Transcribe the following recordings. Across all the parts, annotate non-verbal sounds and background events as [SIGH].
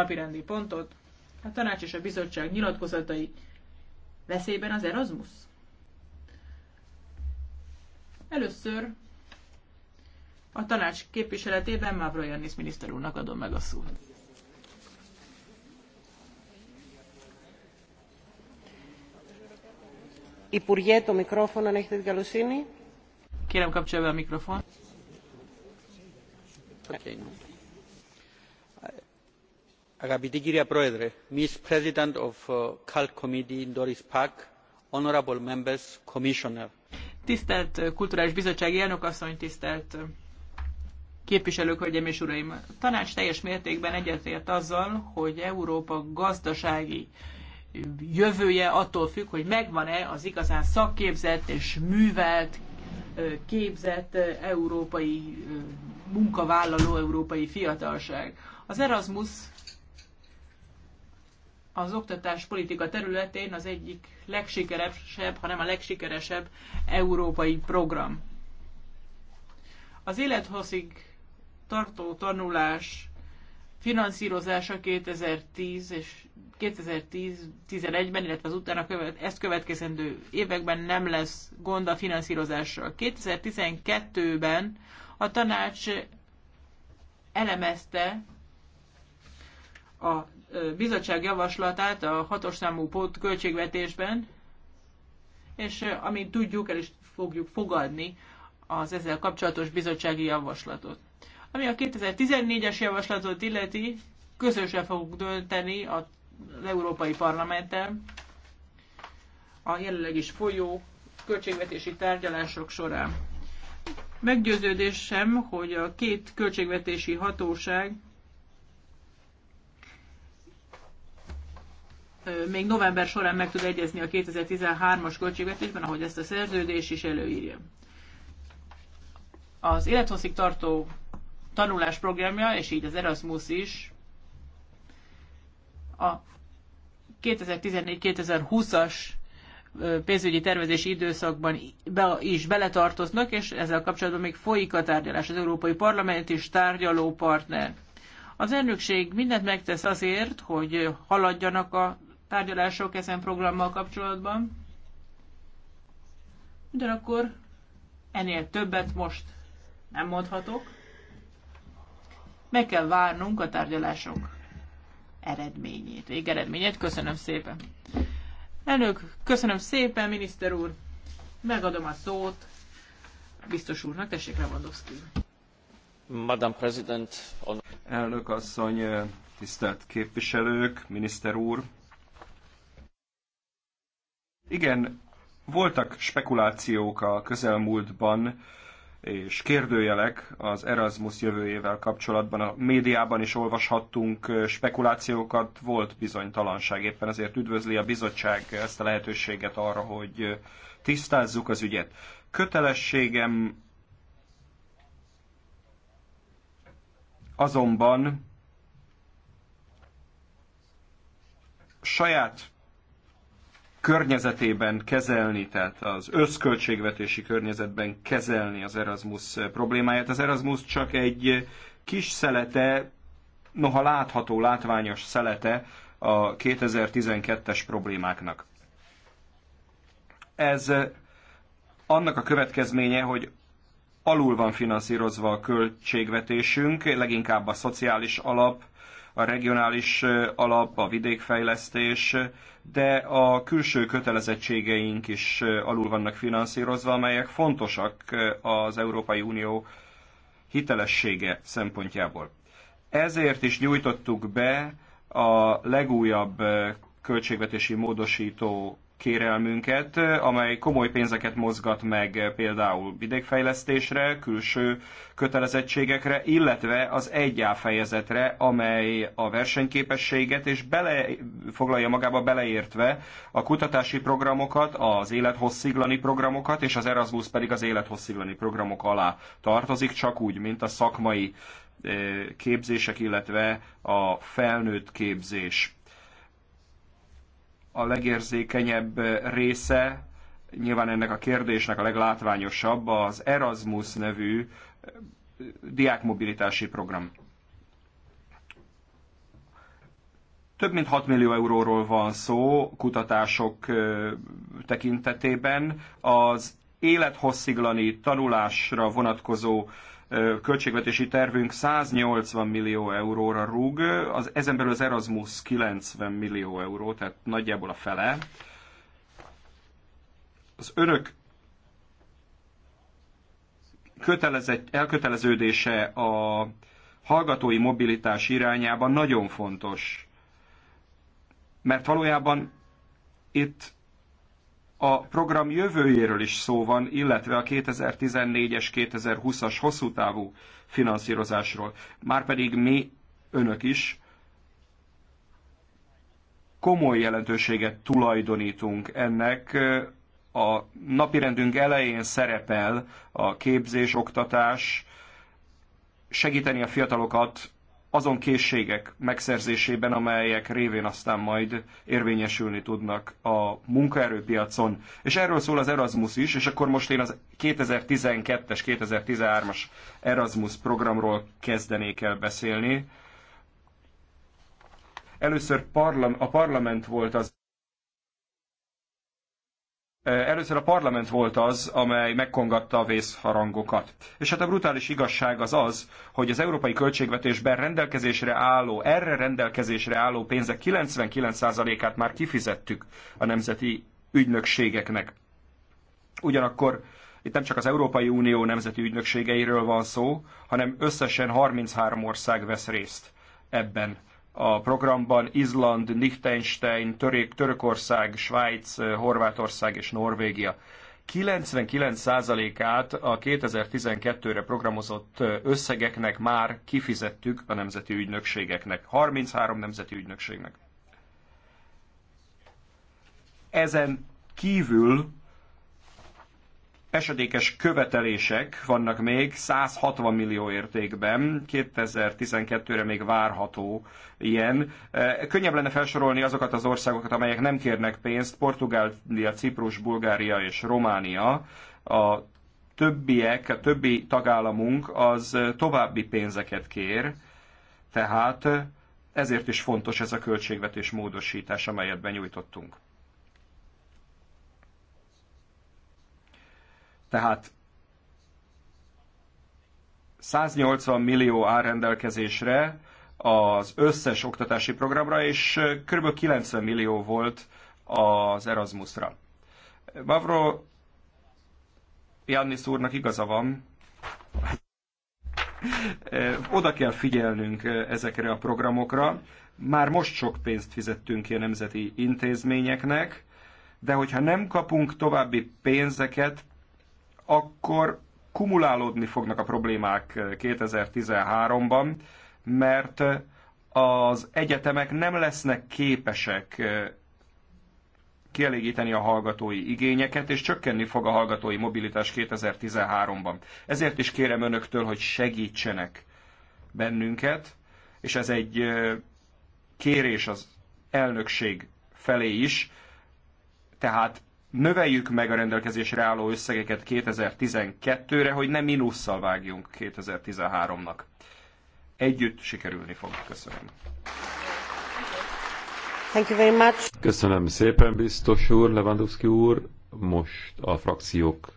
napirendi pontot, a tanács és a bizottság nyilatkozatai veszélyben az Erasmus. Először a tanács képviseletében Mávro Jannis miniszter úrnak adom meg a szót. Υπουργέ, το μικρόφωνο, αν έχετε την καλοσύνη. Kérem, μου κάποιο a mikrofon. Okay ms president of the uh, cult committee doris pack honourable members commissioner tisztelt uh, kulturális bizottsági elnök asszony tisztelt uh, képviselők hölgyeim és uraim! a tanács teljes mértékben egyetért azzal hogy európa gazdasági jövője attól függ hogy megvan e az igazán szakképzett és művelt képzett európai munkavállaló európai fiatalság. Az Erasmus az oktatás politika területén az egyik legsikeresebb, hanem a legsikeresebb európai program. Az élethosszig tartó tanulás finanszírozása 2010 és 2010-11-ben, illetve az utána követ, ezt következendő években nem lesz gond a finanszírozással. 2012-ben a tanács elemezte a bizottság javaslatát a hatos számú pót költségvetésben, és amint tudjuk, el is fogjuk fogadni az ezzel kapcsolatos bizottsági javaslatot. Ami a 2014-es javaslatot illeti, közösen fogunk dönteni az Európai Parlamenten a jelenleg is folyó költségvetési tárgyalások során. Meggyőződésem, hogy a két költségvetési hatóság még november során meg tud egyezni a 2013-as költségvetésben, ahogy ezt a szerződés is előírja. Az élethosszig tartó tanulás programja, és így az Erasmus is a 2014-2020-as pénzügyi tervezési időszakban be, is beletartoznak, és ezzel kapcsolatban még folyik a tárgyalás. Az Európai Parlament is tárgyaló partner. Az elnökség mindent megtesz azért, hogy haladjanak a tárgyalások ezen programmal kapcsolatban. Ugyanakkor ennél többet most nem mondhatok. Meg kell várnunk a tárgyalások eredményét, végeredményét. Köszönöm szépen. Elnök, köszönöm szépen, miniszter úr. Megadom a szót biztos úrnak, tessék Lewandowski. Madam President. On... Elnök asszony, tisztelt képviselők, miniszter úr, igen, voltak spekulációk a közelmúltban, és kérdőjelek az Erasmus jövőjével kapcsolatban. A médiában is olvashattunk spekulációkat, volt bizonytalanság. Éppen ezért üdvözli a bizottság ezt a lehetőséget arra, hogy tisztázzuk az ügyet. Kötelességem azonban saját környezetében kezelni, tehát az összköltségvetési környezetben kezelni az Erasmus problémáját. Az Erasmus csak egy kis szelete, noha látható, látványos szelete a 2012-es problémáknak. Ez annak a következménye, hogy alul van finanszírozva a költségvetésünk, leginkább a szociális alap, a regionális alap, a vidékfejlesztés, de a külső kötelezettségeink is alul vannak finanszírozva, amelyek fontosak az Európai Unió hitelessége szempontjából. Ezért is nyújtottuk be a legújabb költségvetési módosító kérelmünket, amely komoly pénzeket mozgat meg például vidékfejlesztésre, külső kötelezettségekre, illetve az 1A fejezetre, amely a versenyképességet és bele, foglalja magába beleértve a kutatási programokat, az élethossziglani programokat, és az Erasmus pedig az élethossziglani programok alá tartozik, csak úgy, mint a szakmai eh, képzések, illetve a felnőtt képzés a legérzékenyebb része, nyilván ennek a kérdésnek a leglátványosabb az Erasmus nevű diákmobilitási program. Több mint 6 millió euróról van szó kutatások tekintetében. Az élethossziglani tanulásra vonatkozó költségvetési tervünk 180 millió euróra rúg, az, ezen belül az Erasmus 90 millió euró, tehát nagyjából a fele. Az önök kötelezett, elköteleződése a hallgatói mobilitás irányában nagyon fontos. Mert valójában itt a program jövőjéről is szó van, illetve a 2014-es, 2020-as hosszú távú finanszírozásról. Márpedig mi, önök is, komoly jelentőséget tulajdonítunk ennek. A napirendünk elején szerepel a képzés, oktatás, segíteni a fiatalokat azon készségek megszerzésében, amelyek révén aztán majd érvényesülni tudnak a munkaerőpiacon. És erről szól az Erasmus is, és akkor most én az 2012-es, 2013-as Erasmus programról kezdenék el beszélni. Először a parlament volt az, Először a parlament volt az, amely megkongatta a vészharangokat. És hát a brutális igazság az az, hogy az európai költségvetésben rendelkezésre álló, erre rendelkezésre álló pénzek 99%-át már kifizettük a nemzeti ügynökségeknek. Ugyanakkor itt nem csak az Európai Unió nemzeti ügynökségeiről van szó, hanem összesen 33 ország vesz részt ebben a programban Izland, Liechtenstein, Török, Törökország, Svájc, Horvátország és Norvégia. 99%-át a 2012-re programozott összegeknek már kifizettük a nemzeti ügynökségeknek, 33 nemzeti ügynökségnek. Ezen kívül esedékes követelések vannak még 160 millió értékben, 2012-re még várható ilyen. E, könnyebb lenne felsorolni azokat az országokat, amelyek nem kérnek pénzt, Portugália, Ciprus, Bulgária és Románia. A többiek, a többi tagállamunk az további pénzeket kér, tehát ezért is fontos ez a költségvetés módosítás, amelyet benyújtottunk. Tehát 180 millió áll rendelkezésre az összes oktatási programra, és kb. 90 millió volt az Erasmusra. Mavro Jannis úrnak igaza van, [LAUGHS] oda kell figyelnünk ezekre a programokra. Már most sok pénzt fizettünk ki a nemzeti intézményeknek, de hogyha nem kapunk további pénzeket, akkor kumulálódni fognak a problémák 2013-ban, mert az egyetemek nem lesznek képesek eh, kielégíteni a hallgatói igényeket, és csökkenni fog a hallgatói mobilitás 2013-ban. Ezért is kérem önöktől, hogy segítsenek bennünket, és ez egy eh, kérés az elnökség felé is, tehát növeljük meg a rendelkezésre álló összegeket 2012-re, hogy ne mínusszal vágjunk 2013-nak. Együtt sikerülni fog. Köszönöm. Thank you very much. Köszönöm szépen, biztos úr, Lewandowski úr. Most a frakciók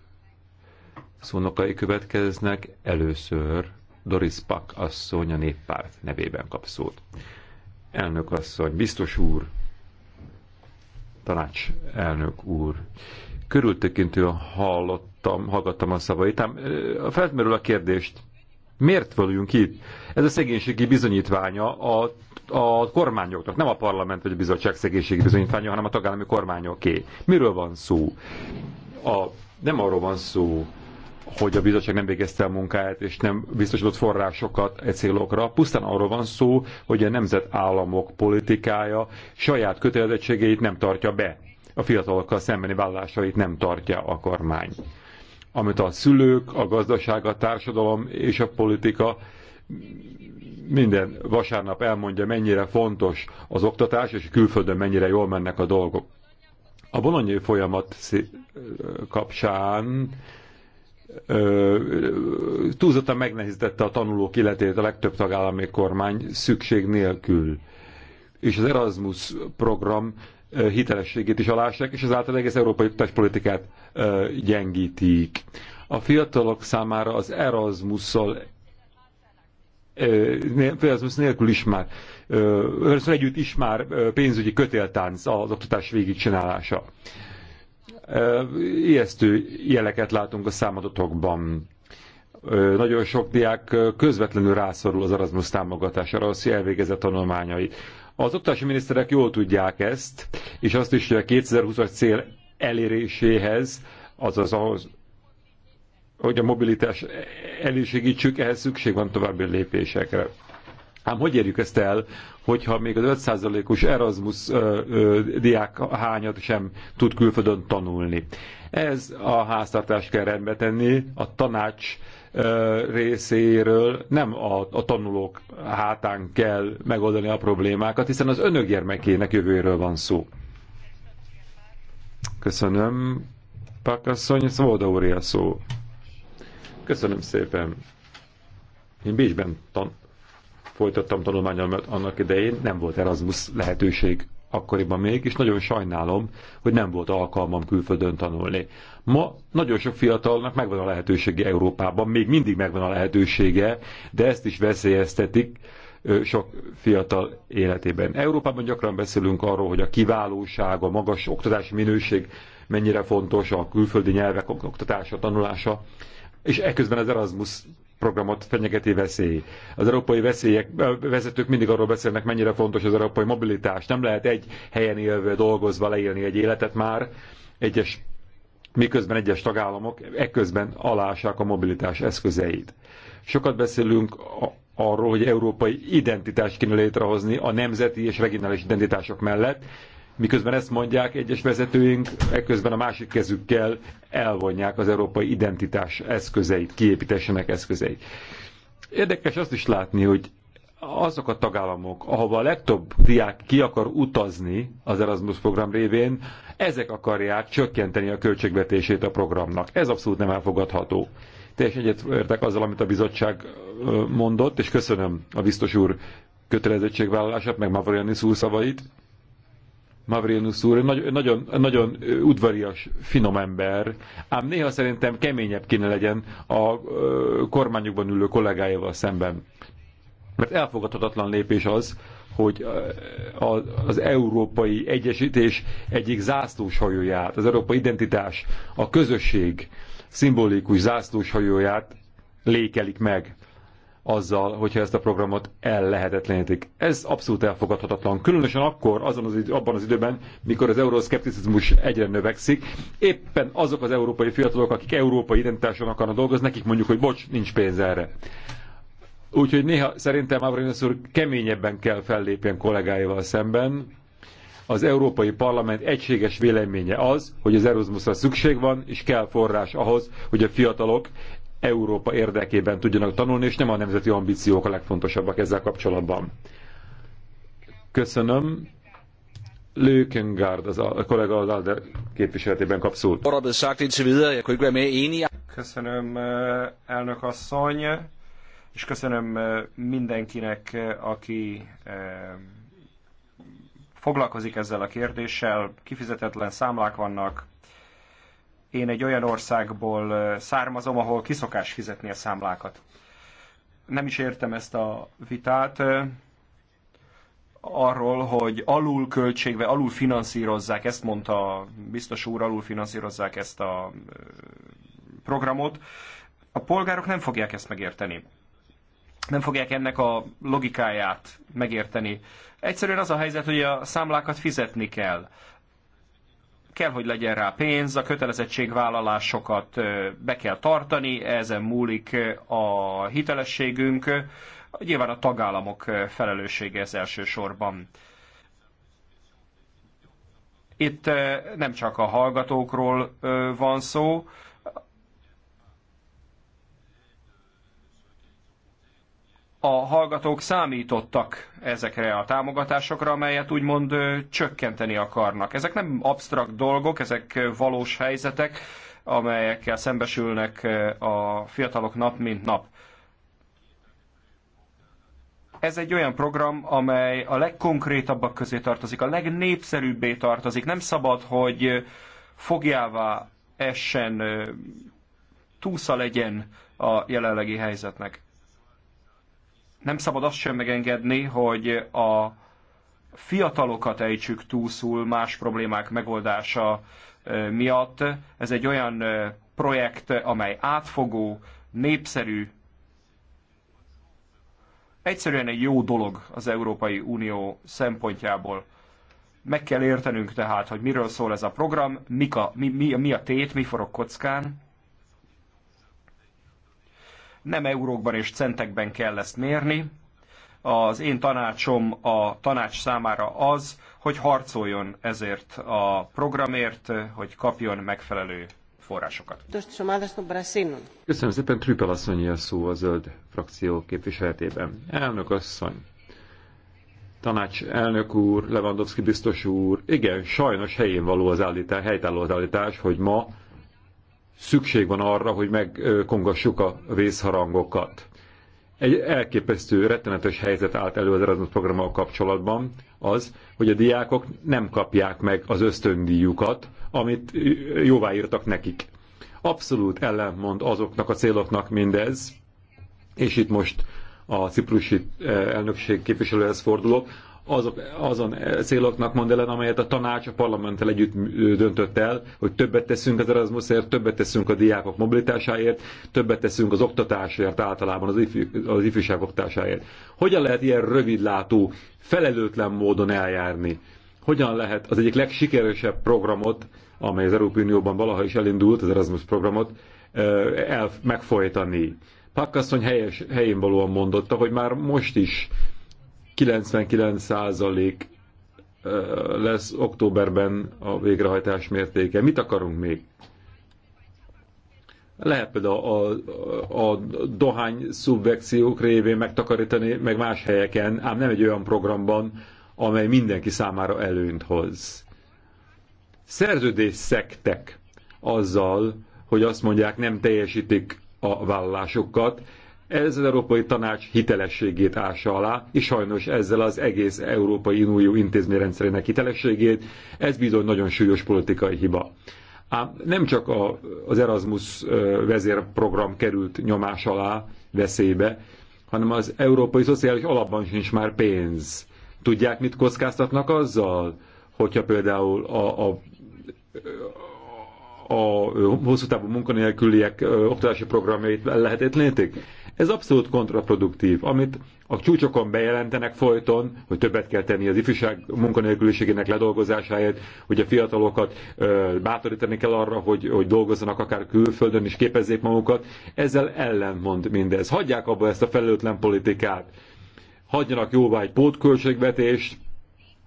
szónokai következnek. Először Doris Pak asszony a néppárt nevében kap szót. Elnök asszony, biztos úr, tanács elnök úr. Körültekintően hallottam, hallgattam a szavait, ám felmerül a kérdést, miért vagyunk itt? Ez a szegénységi bizonyítványa a, a kormányoknak, nem a parlament vagy a bizottság szegénységi bizonyítványa, hanem a tagállami kormányoké. Miről van szó? A, nem arról van szó, hogy a bizottság nem végezte a munkáját, és nem biztosított forrásokat egy célokra. Pusztán arról van szó, hogy a nemzetállamok politikája saját kötelezettségeit nem tartja be. A fiatalokkal szembeni vállásait nem tartja a kormány. Amit a szülők, a gazdaság, a társadalom és a politika minden vasárnap elmondja, mennyire fontos az oktatás, és külföldön mennyire jól mennek a dolgok. A bolonyai folyamat kapcsán túlzottan megnehezítette a tanulók életét a legtöbb tagállami kormány szükség nélkül. És az Erasmus program hitelességét is alássák, és ezáltal egész európai oktatáspolitikát gyengítik. A fiatalok számára az Erasmusszal Erasmus nélkül is már, Erasmus együtt is már pénzügyi kötéltánc az oktatás végigcsinálása ijesztő jeleket látunk a számadatokban. Nagyon sok diák közvetlenül rászorul az Erasmus támogatására, az elvégezett tanulmányait. Az oktatási miniszterek jól tudják ezt, és azt is, hogy a 2020-as cél eléréséhez, azaz ahhoz, hogy a mobilitás elősegítsük, ehhez szükség van további lépésekre. Ám hogy érjük ezt el, hogyha még az 5%-os Erasmus ö, ö, diák hányat sem tud külföldön tanulni? Ez a háztartást kell rendbe tenni, a tanács ö, részéről nem a, a tanulók hátán kell megoldani a problémákat, hiszen az önök gyermekének jövőjéről van szó. Köszönöm, Pakasszony, Szvóda úr a szó. Köszönöm szépen. Én Bécsben tan folytattam tanulmányomat annak idején, nem volt Erasmus lehetőség akkoriban még, és nagyon sajnálom, hogy nem volt alkalmam külföldön tanulni. Ma nagyon sok fiatalnak megvan a lehetősége Európában, még mindig megvan a lehetősége, de ezt is veszélyeztetik sok fiatal életében. Európában gyakran beszélünk arról, hogy a kiválóság, a magas oktatási minőség mennyire fontos, a külföldi nyelvek oktatása, tanulása, és ekközben az Erasmus programot fenyegeti veszély. Az európai veszélyek, vezetők mindig arról beszélnek, mennyire fontos az európai mobilitás. Nem lehet egy helyen élve, dolgozva leélni egy életet már. Egyes miközben egyes tagállamok ekközben alássák a mobilitás eszközeit. Sokat beszélünk arról, hogy európai identitást kéne létrehozni a nemzeti és regionális identitások mellett, Miközben ezt mondják egyes vezetőink, ekközben a másik kezükkel elvonják az európai identitás eszközeit, kiépítessenek eszközeit. Érdekes azt is látni, hogy azok a tagállamok, ahova a legtöbb diák ki akar utazni az Erasmus program révén, ezek akarják csökkenteni a költségvetését a programnak. Ez abszolút nem elfogadható. Teljesen egyetértek azzal, amit a bizottság mondott, és köszönöm a biztos úr kötelezettségvállalását, meg Mavroyanis úr szavait, Mavrinus úr, nagy, nagyon, nagyon udvarias, finom ember, ám néha szerintem keményebb kéne legyen a kormányokban ülő kollégájával szemben. Mert elfogadhatatlan lépés az, hogy az európai egyesítés egyik zászlóshajóját, az európai identitás, a közösség szimbolikus zászlóshajóját lékelik meg azzal, hogyha ezt a programot ellehetetlenítik. Ez abszolút elfogadhatatlan, különösen akkor, azon az, abban az időben, mikor az euroszkepticizmus egyre növekszik, éppen azok az európai fiatalok, akik európai identitáson akarnak dolgozni, nekik mondjuk, hogy bocs, nincs pénz erre. Úgyhogy néha szerintem Avranis úr keményebben kell fellépjen kollégáival szemben. Az Európai Parlament egységes véleménye az, hogy az Erasmusra szükség van, és kell forrás ahhoz, hogy a fiatalok Európa érdekében tudjanak tanulni, és nem a nemzeti ambíciók a legfontosabbak ezzel kapcsolatban. Köszönöm. Lökengard, az a, a kollega az Alder képviseletében kap szót. Köszönöm, eh, elnök asszony, és köszönöm eh, mindenkinek, eh, aki foglalkozik ezzel a kérdéssel. Kifizetetlen számlák vannak, én egy olyan országból származom, ahol kiszokás fizetni a számlákat. Nem is értem ezt a vitát arról, hogy alul költségve, alul finanszírozzák, ezt mondta biztos úr, alul finanszírozzák ezt a programot. A polgárok nem fogják ezt megérteni nem fogják ennek a logikáját megérteni. Egyszerűen az a helyzet, hogy a számlákat fizetni kell kell, hogy legyen rá pénz, a kötelezettségvállalásokat be kell tartani, ezen múlik a hitelességünk, nyilván a tagállamok felelőssége ez elsősorban. Itt nem csak a hallgatókról van szó, a hallgatók számítottak ezekre a támogatásokra, amelyet úgymond csökkenteni akarnak. Ezek nem absztrakt dolgok, ezek valós helyzetek, amelyekkel szembesülnek a fiatalok nap mint nap. Ez egy olyan program, amely a legkonkrétabbak közé tartozik, a legnépszerűbbé tartozik. Nem szabad, hogy fogjává essen, túsza legyen a jelenlegi helyzetnek nem szabad azt sem megengedni, hogy a fiatalokat ejtsük túlszul más problémák megoldása miatt. Ez egy olyan projekt, amely átfogó, népszerű, egyszerűen egy jó dolog az Európai Unió szempontjából. Meg kell értenünk tehát, hogy miről szól ez a program, mik a, mi, mi, mi a tét, mi forog kockán, nem eurókban és centekben kell ezt mérni. Az én tanácsom a tanács számára az, hogy harcoljon ezért a programért, hogy kapjon megfelelő forrásokat. Köszönöm szépen, Trüppel asszonyi a szó a zöld frakció képviseletében. Elnök asszony, tanács elnök úr, Lewandowski biztos úr, igen, sajnos helyén való az állítás, helytálló az állítás, hogy ma szükség van arra, hogy megkongassuk a vészharangokat. Egy elképesztő, rettenetes helyzet állt elő az Erasmus programmal kapcsolatban az, hogy a diákok nem kapják meg az ösztöndíjukat, amit jóváírtak nekik. Abszolút ellentmond azoknak a céloknak mindez, és itt most a ciprusi eh, elnökség képviselőhez fordulok, azok azon céloknak mond ellen, amelyet a tanács a parlamenttel együtt döntött el, hogy többet teszünk az Erasmusért, többet teszünk a diákok mobilitásáért, többet teszünk az oktatásért általában, az, ifj, az ifjúság oktatásáért. Hogyan lehet ilyen rövidlátó, felelőtlen módon eljárni? Hogyan lehet az egyik legsikeresebb programot, amely az Európai Unióban valaha is elindult, az Erasmus programot, el, megfojtani? Pakasszony helyes, helyén valóan mondotta, hogy már most is 99% lesz októberben a végrehajtás mértéke. Mit akarunk még? Lehet például a, a, a dohány szubvekciók révén megtakarítani, meg más helyeken, ám nem egy olyan programban, amely mindenki számára előnyt hoz. Szerződés szektek azzal, hogy azt mondják, nem teljesítik a vállalásokat, ez az Európai Tanács hitelességét ássa alá, és sajnos ezzel az egész Európai Unió intézményrendszerének hitelességét. Ez bizony nagyon súlyos politikai hiba. Ám nem csak a, az Erasmus vezérprogram került nyomás alá, veszélybe, hanem az Európai Szociális Alapban sincs már pénz. Tudják, mit kockáztatnak azzal, hogyha például a, a, a, a hosszú távú munkanélküliek oktatási programjait lehetetlenítik? Ez abszolút kontraproduktív, amit a csúcsokon bejelentenek folyton, hogy többet kell tenni az ifjúság munkanélküliségének ledolgozásáért, hogy a fiatalokat ö, bátorítani kell arra, hogy, hogy dolgozzanak akár külföldön is képezzék magukat. Ezzel ellentmond mindez. Hagyják abba ezt a felelőtlen politikát. Hagyjanak jóvá egy pótköltségvetést,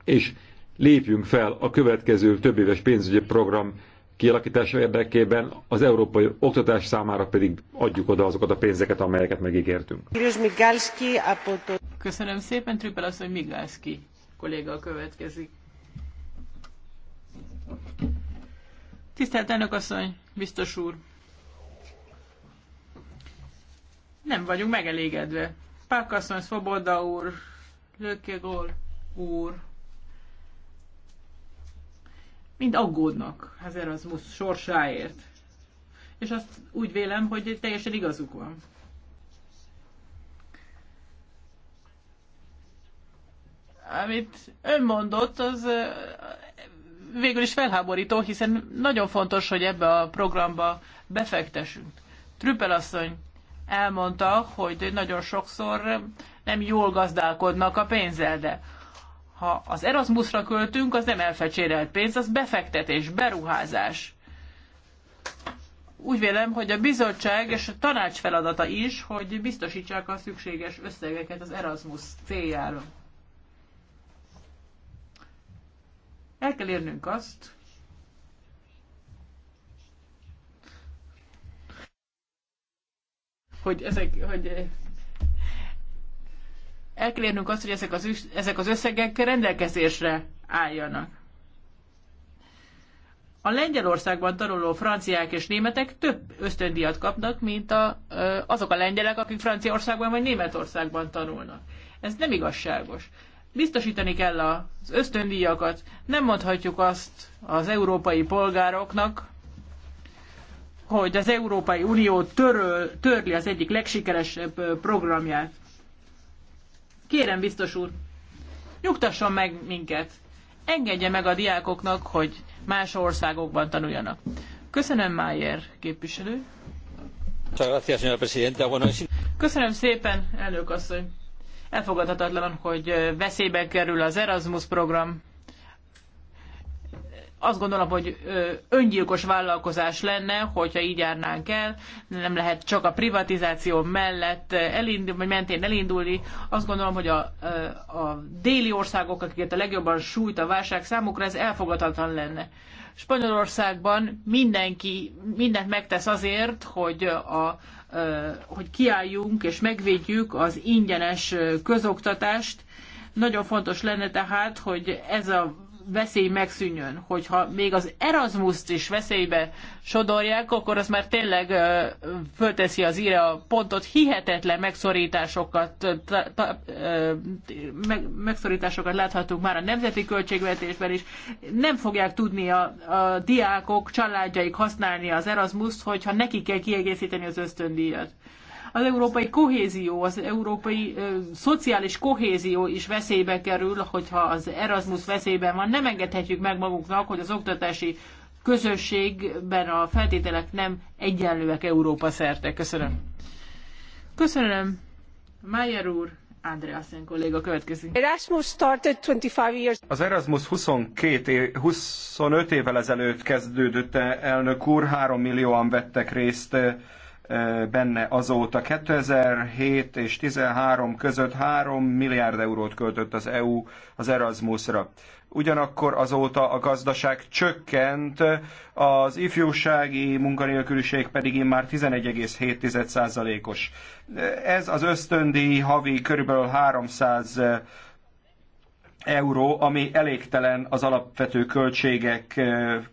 és lépjünk fel a következő több éves pénzügyi program kialakítása érdekében, az európai oktatás számára pedig adjuk oda azokat a pénzeket, amelyeket megígértünk. Köszönöm szépen, Trüppel az, hogy Migalski kolléga következik. Tisztelt elnök asszony, biztos úr! Nem vagyunk megelégedve. Pákasszony, Szoboda úr, Lökegol úr, mind aggódnak az Erasmus sorsáért. És azt úgy vélem, hogy teljesen igazuk van. Amit ön mondott, az végül is felháborító, hiszen nagyon fontos, hogy ebbe a programba befektessünk. Trüppel asszony elmondta, hogy nagyon sokszor nem jól gazdálkodnak a pénzzel, de ha az Erasmusra költünk, az nem elfecsérelt pénz, az befektetés, beruházás. Úgy vélem, hogy a bizottság és a tanács feladata is, hogy biztosítsák a szükséges összegeket az Erasmus céljára. El kell érnünk azt, hogy ezek, hogy el kell érnünk azt, hogy ezek az, ezek az összegek rendelkezésre álljanak. A Lengyelországban tanuló franciák és németek több ösztöndíjat kapnak, mint a, azok a lengyelek, akik Franciaországban vagy Németországban tanulnak. Ez nem igazságos. Biztosítani kell az ösztöndíjakat. Nem mondhatjuk azt az európai polgároknak, hogy az Európai Unió töröl, törli az egyik legsikeresebb programját. Kérem, biztos úr, nyugtasson meg minket. Engedje meg a diákoknak, hogy más országokban tanuljanak. Köszönöm, Mayer képviselő. Köszönöm szépen, elnök asszony. Elfogadhatatlan, hogy veszélybe kerül az Erasmus program, azt gondolom, hogy öngyilkos vállalkozás lenne, hogyha így járnánk el, nem lehet csak a privatizáció mellett elindul, vagy mentén elindulni. Azt gondolom, hogy a, a déli országok, akiket a legjobban sújt a válság számukra, ez elfogadhatatlan lenne. Spanyolországban mindenki mindent megtesz azért, hogy, a, hogy kiálljunk és megvédjük az ingyenes közoktatást. Nagyon fontos lenne tehát, hogy ez a veszély megszűnjön. Hogyha még az Erasmus-t is veszélybe sodorják, akkor az már tényleg fölteszi az íre a pontot, hihetetlen megszorításokat, ta, ta, meg, megszorításokat láthatunk már a nemzeti költségvetésben is. Nem fogják tudni a, a diákok, családjaik használni az Erasmus-t, hogyha neki kell kiegészíteni az ösztöndíjat az európai kohézió, az európai ö, szociális kohézió is veszélybe kerül, hogyha az Erasmus veszélyben van. Nem engedhetjük meg magunknak, hogy az oktatási közösségben a feltételek nem egyenlőek Európa szerte. Köszönöm. Köszönöm. Mayer úr. Andreasen kolléga következik. Erasmus started 25 years. Az Erasmus 22 év, 25 évvel ezelőtt kezdődött, elnök úr, 3 millióan vettek részt benne azóta. 2007 és 2013 között 3 milliárd eurót költött az EU az Erasmusra. Ugyanakkor azóta a gazdaság csökkent, az ifjúsági munkanélküliség pedig immár 11,7%-os. Ez az ösztöndíj havi körülbelül 300 euró, ami elégtelen az alapvető költségek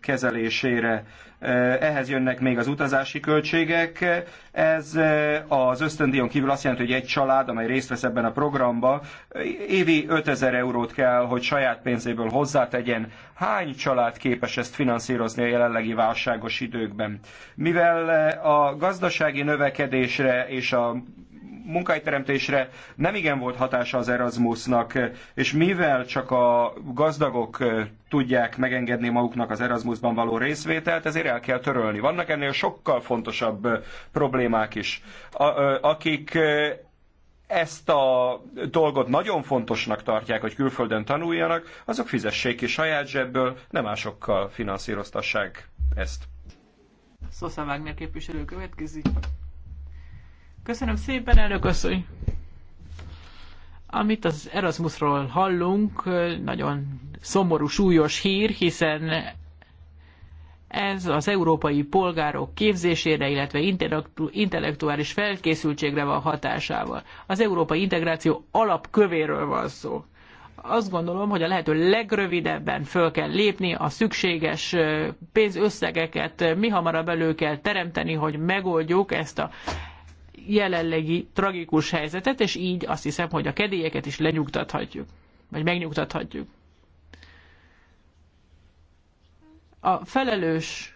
kezelésére. Eh, ehhez jönnek még az utazási költségek. Ez eh, az ösztöndíjon kívül azt jelenti, hogy egy család, amely részt vesz ebben a programban, eh, évi 5000 eurót kell, hogy saját pénzéből hozzátegyen. Hány család képes ezt finanszírozni a jelenlegi válságos időkben? Mivel a gazdasági növekedésre és a munkahelyteremtésre nem igen volt hatása az Erasmusnak, és mivel csak a gazdagok tudják megengedni maguknak az Erasmusban való részvételt, ezért el kell törölni. Vannak ennél sokkal fontosabb problémák is. akik ezt a dolgot nagyon fontosnak tartják, hogy külföldön tanuljanak, azok fizessék ki saját zsebből, nem másokkal finanszíroztassák ezt. Szószá Wagner képviselő következik. Köszönöm szépen, elnök asszony! Amit az Erasmusról hallunk, nagyon szomorú, súlyos hír, hiszen ez az európai polgárok képzésére, illetve intellektuális felkészültségre van hatásával. Az európai integráció alapkövéről van szó. Azt gondolom, hogy a lehető legrövidebben föl kell lépni, a szükséges pénzösszegeket mi hamarabb elő kell teremteni, hogy megoldjuk ezt a jelenlegi tragikus helyzetet, és így azt hiszem, hogy a kedélyeket is lenyugtathatjuk, vagy megnyugtathatjuk. A felelős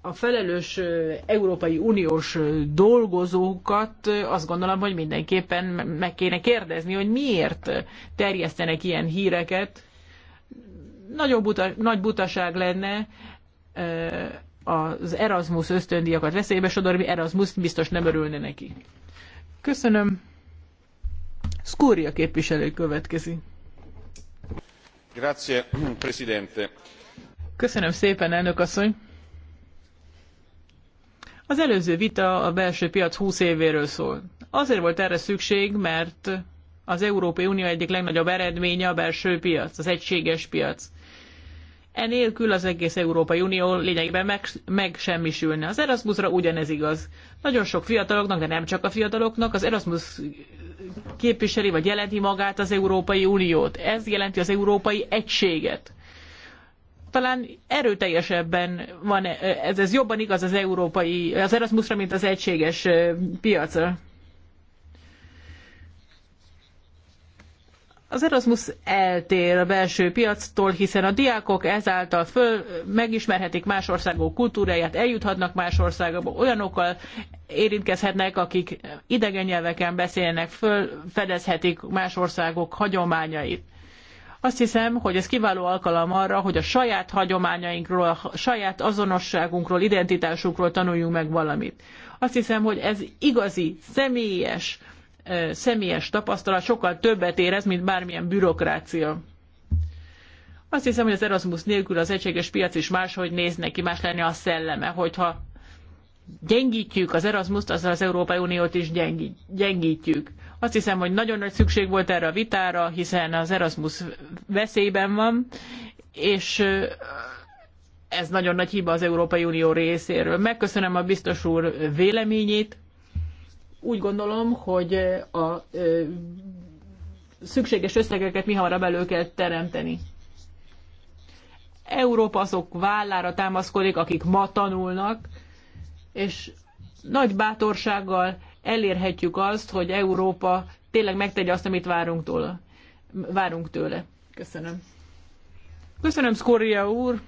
a felelős Európai Uniós dolgozókat azt gondolom, hogy mindenképpen meg kéne kérdezni, hogy miért terjesztenek ilyen híreket. Nagyon buta, nagy butaság lenne az Erasmus ösztöndiakat veszélybe sodorni, Erasmus biztos nem örülne neki. Köszönöm. Skúria képviselő következik. Grazie, Presidente. Köszönöm szépen, elnök asszony. Az előző vita a belső piac 20 évéről szól. Azért volt erre szükség, mert az Európai Unió egyik legnagyobb eredménye a belső piac, az egységes piac. Enélkül az egész Európai Unió lényegében meg, megsemmisülne. Az Erasmusra ugyanez igaz. Nagyon sok fiataloknak, de nem csak a fiataloknak, az Erasmus képviseli vagy jelenti magát az Európai Uniót. Ez jelenti az európai egységet. Talán erőteljesebben van, e, ez, ez jobban igaz az európai, az Erasmusra, mint az egységes piacra. Az Erasmus eltér a belső piactól, hiszen a diákok ezáltal föl megismerhetik más országok kultúráját, eljuthatnak más országokba, olyanokkal érintkezhetnek, akik idegen nyelveken beszélnek, fölfedezhetik más országok hagyományait. Azt hiszem, hogy ez kiváló alkalom arra, hogy a saját hagyományainkról, a saját azonosságunkról, identitásunkról tanuljunk meg valamit. Azt hiszem, hogy ez igazi, személyes, személyes tapasztalat sokkal többet érez, mint bármilyen bürokrácia. Azt hiszem, hogy az Erasmus nélkül az egységes piac is máshogy nézne ki, más lenne a szelleme, hogyha gyengítjük az Erasmust, azzal az Európai Uniót is gyengítjük. Azt hiszem, hogy nagyon nagy szükség volt erre a vitára, hiszen az Erasmus veszélyben van, és ez nagyon nagy hiba az Európai Unió részéről. Megköszönöm a biztos úr véleményét, úgy gondolom, hogy a szükséges összegeket mi hamarabb elő kell teremteni. Európa azok vállára támaszkodik, akik ma tanulnak, és nagy bátorsággal elérhetjük azt, hogy Európa tényleg megtegye azt, amit várunk tőle. Várunk tőle. Köszönöm. Köszönöm, Skoria úr.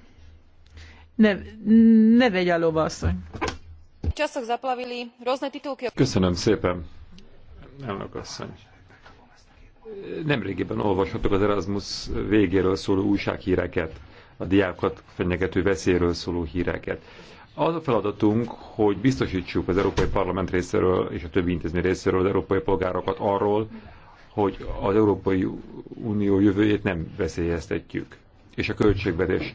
Ne, ne vegy a lovasszony. Köszönöm szépen, elnök asszony. Nemrégiben olvashattuk az Erasmus végéről szóló újsághíreket, a diákat fenyegető veszélyről szóló híreket. Az a feladatunk, hogy biztosítsuk az Európai Parlament részéről és a többi intézmény részéről az európai polgárokat arról, hogy az Európai Unió jövőjét nem veszélyeztetjük, és a költségvetés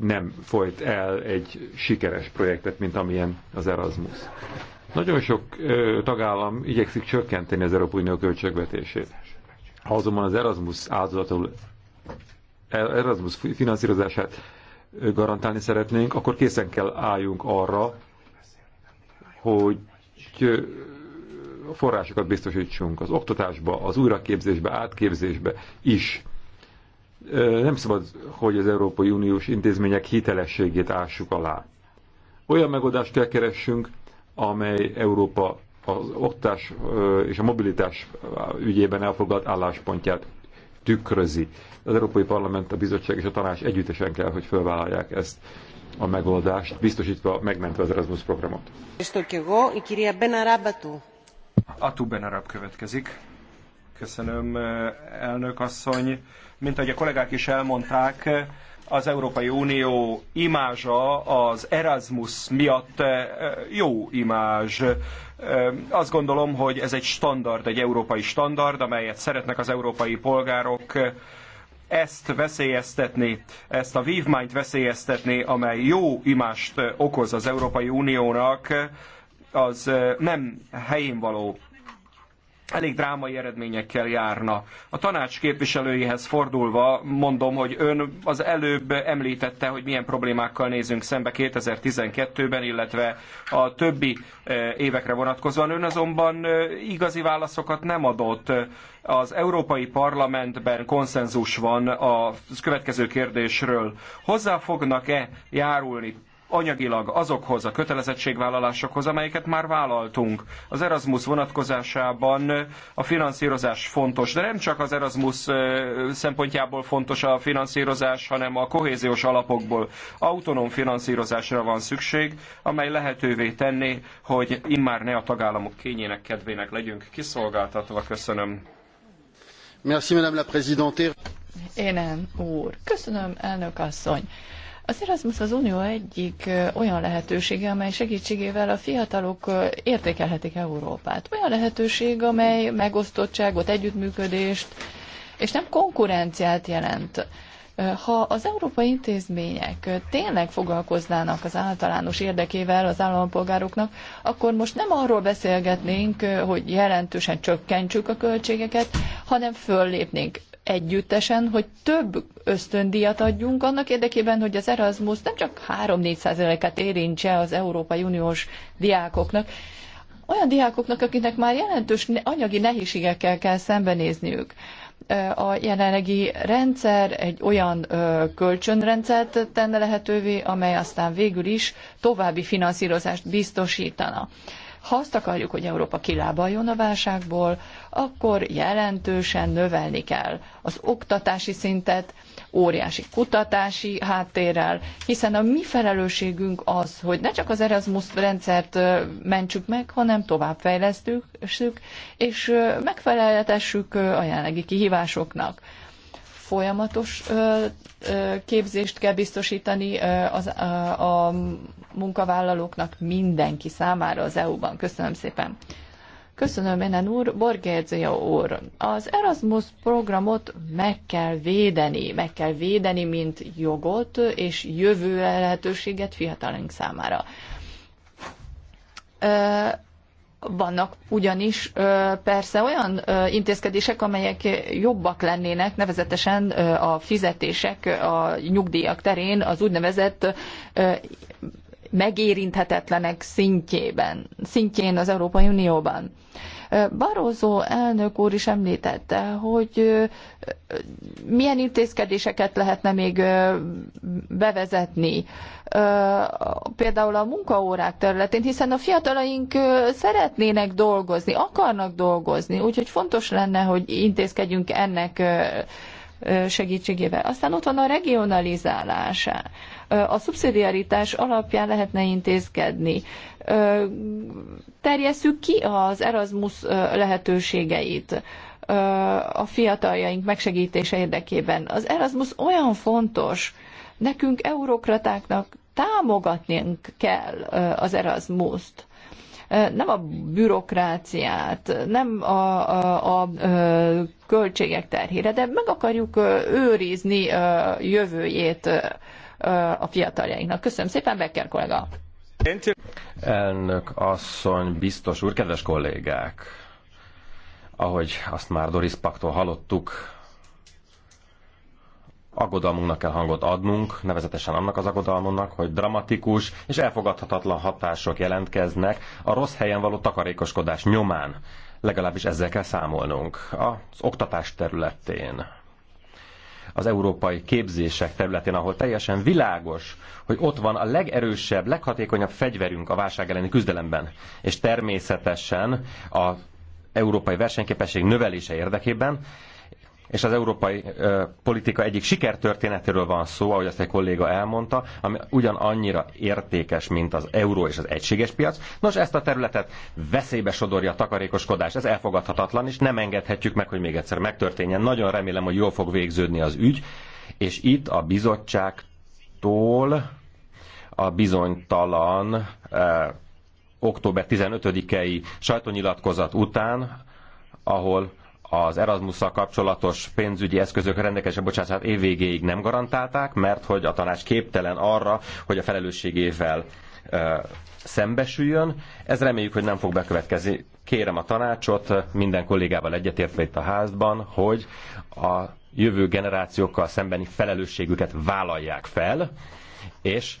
nem folyt el egy sikeres projektet, mint amilyen az Erasmus. Nagyon sok ö, tagállam igyekszik csökkenteni az Európai Unió költségvetését. Ha azonban az Erasmus áldozatul, e, Erasmus finanszírozását garantálni szeretnénk, akkor készen kell álljunk arra, hogy forrásokat biztosítsunk az oktatásba, az újraképzésbe, átképzésbe is nem szabad, hogy az Európai Uniós intézmények hitelességét ássuk alá. Olyan megoldást kell keressünk, amely Európa az oktás és a mobilitás ügyében elfoglalt álláspontját tükrözi. Az Európai Parlament, a Bizottság és a Tanács együttesen kell, hogy felvállalják ezt a megoldást, biztosítva megmentve az Erasmus programot. Atu Benarab következik. Köszönöm, elnök asszony. Mint ahogy a kollégák is elmondták, az Európai Unió imázsa az Erasmus miatt eh, jó imázs. Eh, azt gondolom, hogy ez egy standard, egy európai standard, amelyet szeretnek az európai polgárok eh, ezt veszélyeztetni, ezt a vívmányt veszélyeztetni, amely jó imást okoz az Európai Uniónak, az nem helyén való elég drámai eredményekkel járna. A tanács képviselőihez fordulva mondom, hogy ön az előbb említette, hogy milyen problémákkal nézünk szembe 2012-ben, illetve a többi eh, évekre vonatkozóan. Ön azonban eh, igazi válaszokat nem adott. Az Európai Parlamentben konszenzus van a következő kérdésről. Hozzá fognak-e járulni anyagilag azokhoz a kötelezettségvállalásokhoz, amelyeket már vállaltunk. Az Erasmus vonatkozásában a finanszírozás fontos, de nem csak az Erasmus szempontjából fontos a finanszírozás, hanem a kohéziós alapokból autonóm finanszírozásra van szükség, amely lehetővé tenné, hogy immár ne a tagállamok kényének kedvének legyünk kiszolgáltatva. Köszönöm. Merci, Madame la Présidente. úr. Köszönöm, elnök asszony. Az Erasmus az Unió egyik olyan lehetősége, amely segítségével a fiatalok értékelhetik Európát. Olyan lehetőség, amely megosztottságot, együttműködést, és nem konkurenciát jelent. Ha az európai intézmények tényleg foglalkoznának az általános érdekével az állampolgároknak, akkor most nem arról beszélgetnénk, hogy jelentősen csökkentsük a költségeket, hanem föllépnénk együttesen, hogy több ösztöndíjat adjunk annak érdekében, hogy az Erasmus nem csak 3 4 százalékát érintse az Európai Uniós diákoknak, olyan diákoknak, akiknek már jelentős anyagi nehézségekkel kell szembenézniük. A jelenlegi rendszer egy olyan kölcsönrendszert tenne lehetővé, amely aztán végül is további finanszírozást biztosítana. Ha azt akarjuk, hogy Európa kilábaljon a válságból, akkor jelentősen növelni kell az oktatási szintet, óriási kutatási háttérrel, hiszen a mi felelősségünk az, hogy ne csak az Erasmus rendszert mentsük meg, hanem továbbfejlesztjük, és megfelelhetessük a jelenlegi kihívásoknak folyamatos képzést kell biztosítani az, a munkavállalóknak mindenki számára az EU-ban. Köszönöm szépen. Köszönöm, enen úr, Borgérzia úr. Az Erasmus programot meg kell védeni, meg kell védeni, mint jogot és jövő lehetőséget fiatalunk számára vannak ugyanis persze olyan intézkedések, amelyek jobbak lennének, nevezetesen a fizetések a nyugdíjak terén az úgynevezett megérinthetetlenek szintjében, szintjén az Európai Unióban. Barózó elnök úr is említette, hogy milyen intézkedéseket lehetne még bevezetni, például a munkaórák területén, hiszen a fiatalaink szeretnének dolgozni, akarnak dolgozni, úgyhogy fontos lenne, hogy intézkedjünk ennek segítségével. Aztán ott van a regionalizálás a szubszidiaritás alapján lehetne intézkedni. Terjesszük ki az Erasmus lehetőségeit a fiataljaink megsegítése érdekében. Az Erasmus olyan fontos, nekünk eurokratáknak támogatnunk kell az Erasmus-t nem a bürokráciát, nem a, a, a költségek terhére, de meg akarjuk őrizni jövőjét a fiataljainknak. Köszönöm szépen, Becker kollega! Elnök asszony, biztos úr, kedves kollégák! Ahogy azt már Doris Paktól hallottuk, aggodalmunknak kell hangot adnunk, nevezetesen annak az aggodalmunknak, hogy dramatikus és elfogadhatatlan hatások jelentkeznek a rossz helyen való takarékoskodás nyomán. Legalábbis ezzel kell számolnunk. Az oktatás területén, az európai képzések területén, ahol teljesen világos, hogy ott van a legerősebb, leghatékonyabb fegyverünk a válság elleni küzdelemben. És természetesen a európai versenyképesség növelése érdekében és az európai ö, politika egyik sikertörténetéről van szó, ahogy azt egy kolléga elmondta, ami annyira értékes, mint az euró és az egységes piac. Nos, ezt a területet veszélybe sodorja a takarékoskodás, ez elfogadhatatlan, és nem engedhetjük meg, hogy még egyszer megtörténjen. Nagyon remélem, hogy jól fog végződni az ügy, és itt a bizottságtól a bizonytalan ö, október 15-i sajtónyilatkozat után, ahol az erasmus kapcsolatos pénzügyi eszközök rendelkezésre bocsátását évvégéig nem garantálták, mert hogy a tanács képtelen arra, hogy a felelősségével szembesüljön. Ez reméljük, hogy nem fog bekövetkezni. Kérem a tanácsot, minden kollégával egyetértve itt a házban, hogy a jövő generációkkal szembeni felelősségüket vállalják fel, és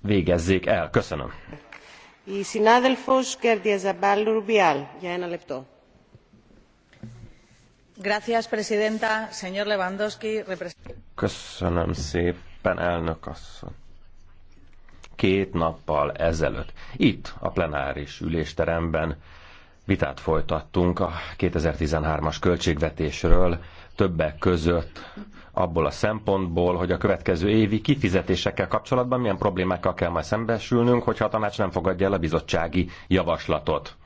végezzék el. Köszönöm. Η συνάδελφος Κέρδια Ζαμπάλ Ρουμπιάλ για ένα λεπτό. Gracias, presidenta, señor Lewandowski. Köszönöm szépen, elnök Két nappal ezelőtt itt a plenáris ülésteremben vitát folytattunk a 2013-as költségvetésről, többek között abból a szempontból, hogy a következő évi kifizetésekkel kapcsolatban milyen problémákkal kell majd szembesülnünk, hogyha a tanács nem fogadja el a bizottsági javaslatot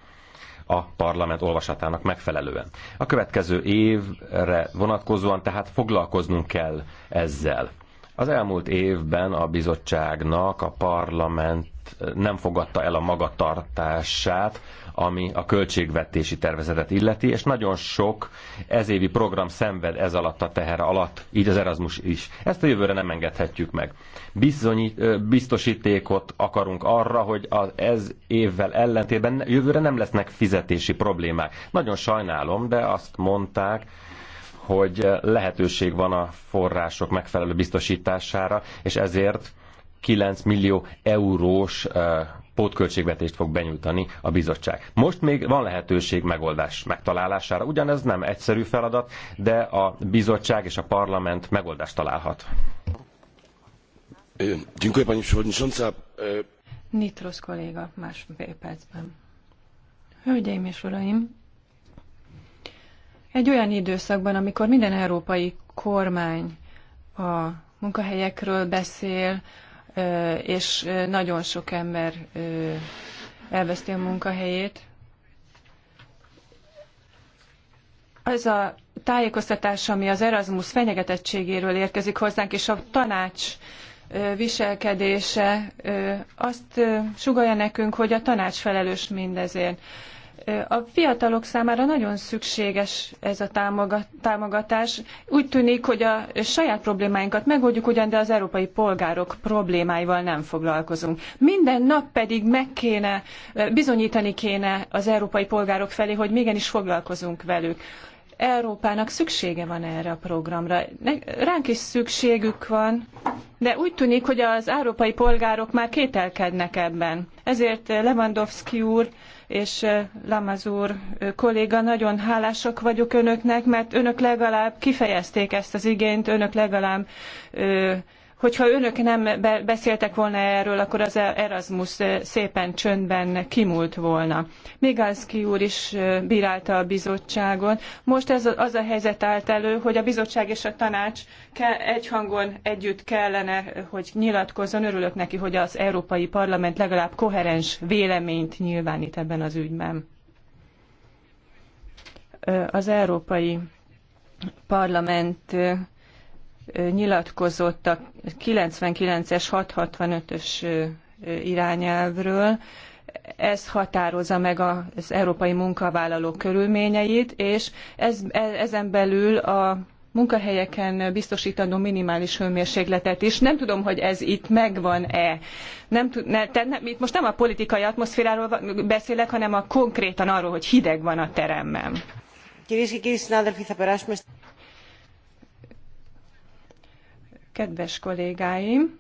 a parlament olvasatának megfelelően. A következő évre vonatkozóan tehát foglalkoznunk kell ezzel. Az elmúlt évben a bizottságnak, a parlament nem fogadta el a magatartását, ami a költségvetési tervezetet illeti, és nagyon sok ezévi program szenved ez alatt a teher alatt, így az Erasmus is. Ezt a jövőre nem engedhetjük meg. Bizony biztosítékot akarunk arra, hogy az ez évvel ellentétben jövőre nem lesznek fizetési problémák. Nagyon sajnálom, de azt mondták, hogy lehetőség van a források megfelelő biztosítására, és ezért 9 millió eurós pótköltségvetést fog benyújtani a bizottság. Most még van lehetőség megoldás megtalálására. Ugyanez nem egyszerű feladat, de a bizottság és a parlament megoldást találhat. Nitrosz pani Nitros kolléga másfél percben. Hölgyeim és uraim, egy olyan időszakban, amikor minden európai kormány a munkahelyekről beszél, és nagyon sok ember elveszti a munkahelyét. Az a tájékoztatás, ami az Erasmus fenyegetettségéről érkezik hozzánk, és a tanács viselkedése azt sugalja nekünk, hogy a tanács felelős mindezért. A fiatalok számára nagyon szükséges ez a támogatás. Úgy tűnik, hogy a saját problémáinkat megoldjuk ugyan, de az európai polgárok problémáival nem foglalkozunk. Minden nap pedig meg kéne, bizonyítani kéne az európai polgárok felé, hogy mégis foglalkozunk velük. Európának szüksége van erre a programra. Ránk is szükségük van, de úgy tűnik, hogy az európai polgárok már kételkednek ebben. Ezért Lewandowski úr és Lamazur kolléga, nagyon hálásak vagyok önöknek, mert önök legalább kifejezték ezt az igényt, önök legalább Hogyha önök nem beszéltek volna erről, akkor az Erasmus szépen csöndben kimúlt volna. Migalski úr is bírálta a bizottságot. Most ez az a helyzet állt elő, hogy a bizottság és a tanács egyhangon együtt kellene, hogy nyilatkozzon. Örülök neki, hogy az Európai Parlament legalább koherens véleményt nyilvánít ebben az ügyben. Az Európai Parlament nyilatkozott a 99-es 665-ös irányelvről. Ez határozza meg az európai munkavállalók körülményeit, és ez, e, ezen belül a munkahelyeken biztosítandó minimális hőmérsékletet is. Nem tudom, hogy ez itt megvan-e. Nem, ne, te, nem, itt most nem a politikai atmoszféráról beszélek, hanem a konkrétan arról, hogy hideg van a teremben. Kedves kollégáim!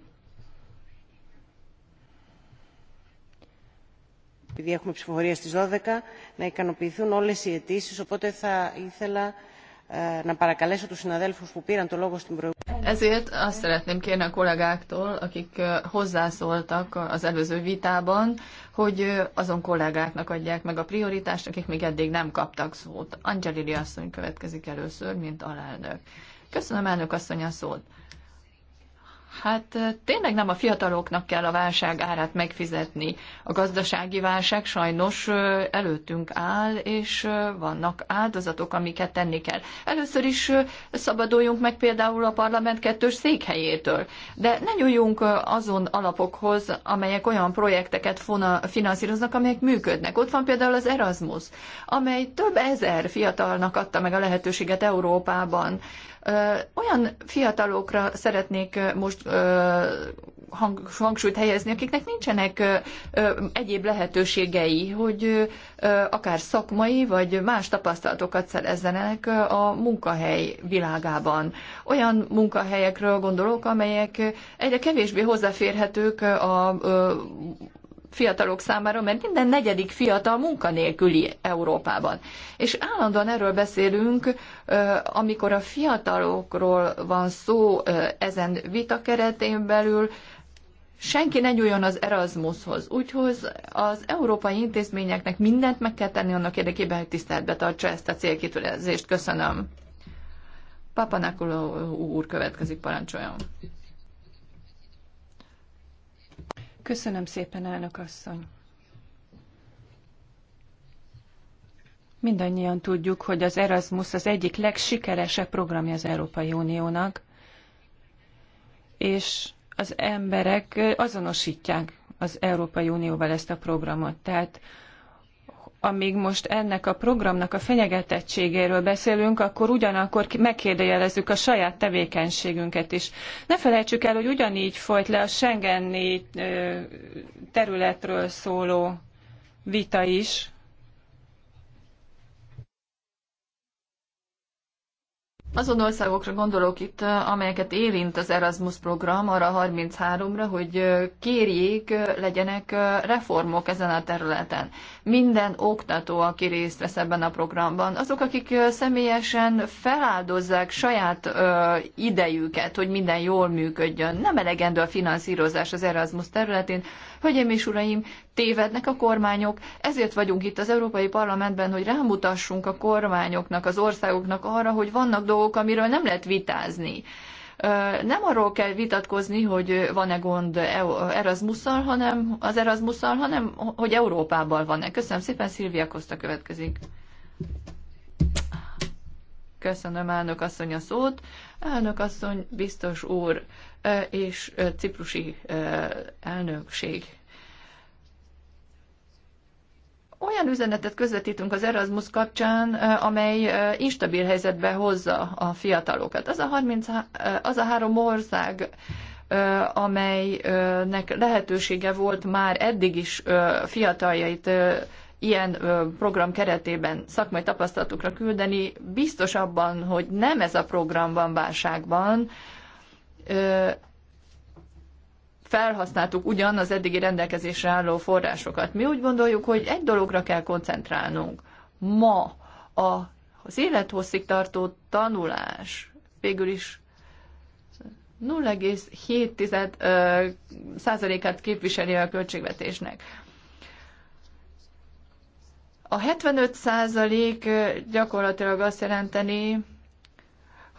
Επειδή έχουμε ψηφοφορία στις 12, να ικανοποιηθούν όλες οι αιτήσει, οπότε θα ήθελα να παρακαλέσω τους συναδέλφους που πήραν το λόγο στην προηγούμενη. Ezért azt szeretném kérni a kollégáktól, akik hozzászóltak az előző vitában, hogy azon kollégáknak adják meg a prioritást, akik még eddig nem kaptak szót. Angelili asszony következik először, mint alelnök. Köszönöm elnök asszony a szót. Hát tényleg nem a fiataloknak kell a válság árát megfizetni. A gazdasági válság sajnos előttünk áll, és vannak áldozatok, amiket tenni kell. Először is szabaduljunk meg például a parlament kettős székhelyétől, de ne nyúljunk azon alapokhoz, amelyek olyan projekteket finanszíroznak, amelyek működnek. Ott van például az Erasmus, amely több ezer fiatalnak adta meg a lehetőséget Európában, olyan fiatalokra szeretnék most hangsúlyt helyezni, akiknek nincsenek egyéb lehetőségei, hogy akár szakmai vagy más tapasztalatokat szerezzenek a munkahely világában. Olyan munkahelyekről gondolok, amelyek egyre kevésbé hozzáférhetők a fiatalok számára, mert minden negyedik fiatal munkanélküli Európában. És állandóan erről beszélünk, amikor a fiatalokról van szó ezen vita keretén belül, senki ne nyúljon az Erasmushoz. Úgyhogy az európai intézményeknek mindent meg kell tenni annak érdekében, hogy tiszteletbe tartsa ezt a célkitűzést. Köszönöm. Papanakuló úr következik, parancsoljon. Köszönöm szépen, elnök asszony. Mindannyian tudjuk, hogy az Erasmus az egyik legsikeresebb programja az Európai Uniónak, és az emberek azonosítják az Európai Unióval ezt a programot. Tehát amíg most ennek a programnak a fenyegetettségéről beszélünk, akkor ugyanakkor megkérdőjelezzük a saját tevékenységünket is. Ne felejtsük el, hogy ugyanígy folyt le a Schengeni területről szóló vita is, Azon országokra gondolok itt, amelyeket érint az Erasmus program, arra 33-ra, hogy kérjék, legyenek reformok ezen a területen. Minden oktató, aki részt vesz ebben a programban, azok, akik személyesen feláldozzák saját idejüket, hogy minden jól működjön, nem elegendő a finanszírozás az Erasmus területén, Hölgyeim és uraim, tévednek a kormányok, ezért vagyunk itt az Európai Parlamentben, hogy rámutassunk a kormányoknak, az országoknak arra, hogy vannak dolgok, amiről nem lehet vitázni nem arról kell vitatkozni, hogy van-e gond e Erasmusszal, hanem az Erasmusszal, hanem hogy Európával van-e. Köszönöm szépen, Szilvia Koszta következik. Köszönöm, elnök asszony a szót. Elnök asszony, biztos úr, és ciprusi elnökség. Olyan üzenetet közvetítünk az Erasmus kapcsán, amely instabil helyzetbe hozza a fiatalokat. Az a, 30, az a három ország, amelynek lehetősége volt már eddig is fiataljait ilyen program keretében szakmai tapasztalatokra küldeni, biztos abban, hogy nem ez a program van válságban, felhasználtuk ugyan az eddigi rendelkezésre álló forrásokat. Mi úgy gondoljuk, hogy egy dologra kell koncentrálnunk. Ma a, az élethosszig tartó tanulás végül is 0,7 százalékát képviseli a költségvetésnek. A 75 százalék gyakorlatilag azt jelenteni,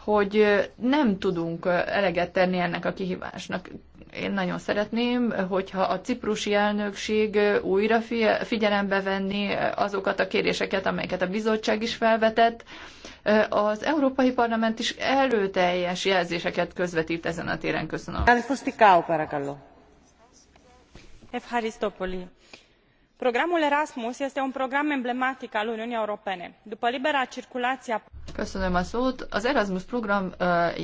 hogy nem tudunk eleget tenni ennek a kihívásnak. Én nagyon szeretném, hogyha a ciprusi elnökség újra figyelembe venni azokat a kéréseket, amelyeket a bizottság is felvetett. Az Európai Parlament is előteljes jelzéseket közvetít ezen a téren. Köszönöm. Ευχαριστώ πολύ programul erasmus este un program emblematic al uniunii europene. după libera circulație a Köszönöm a szót. Az Erasmus program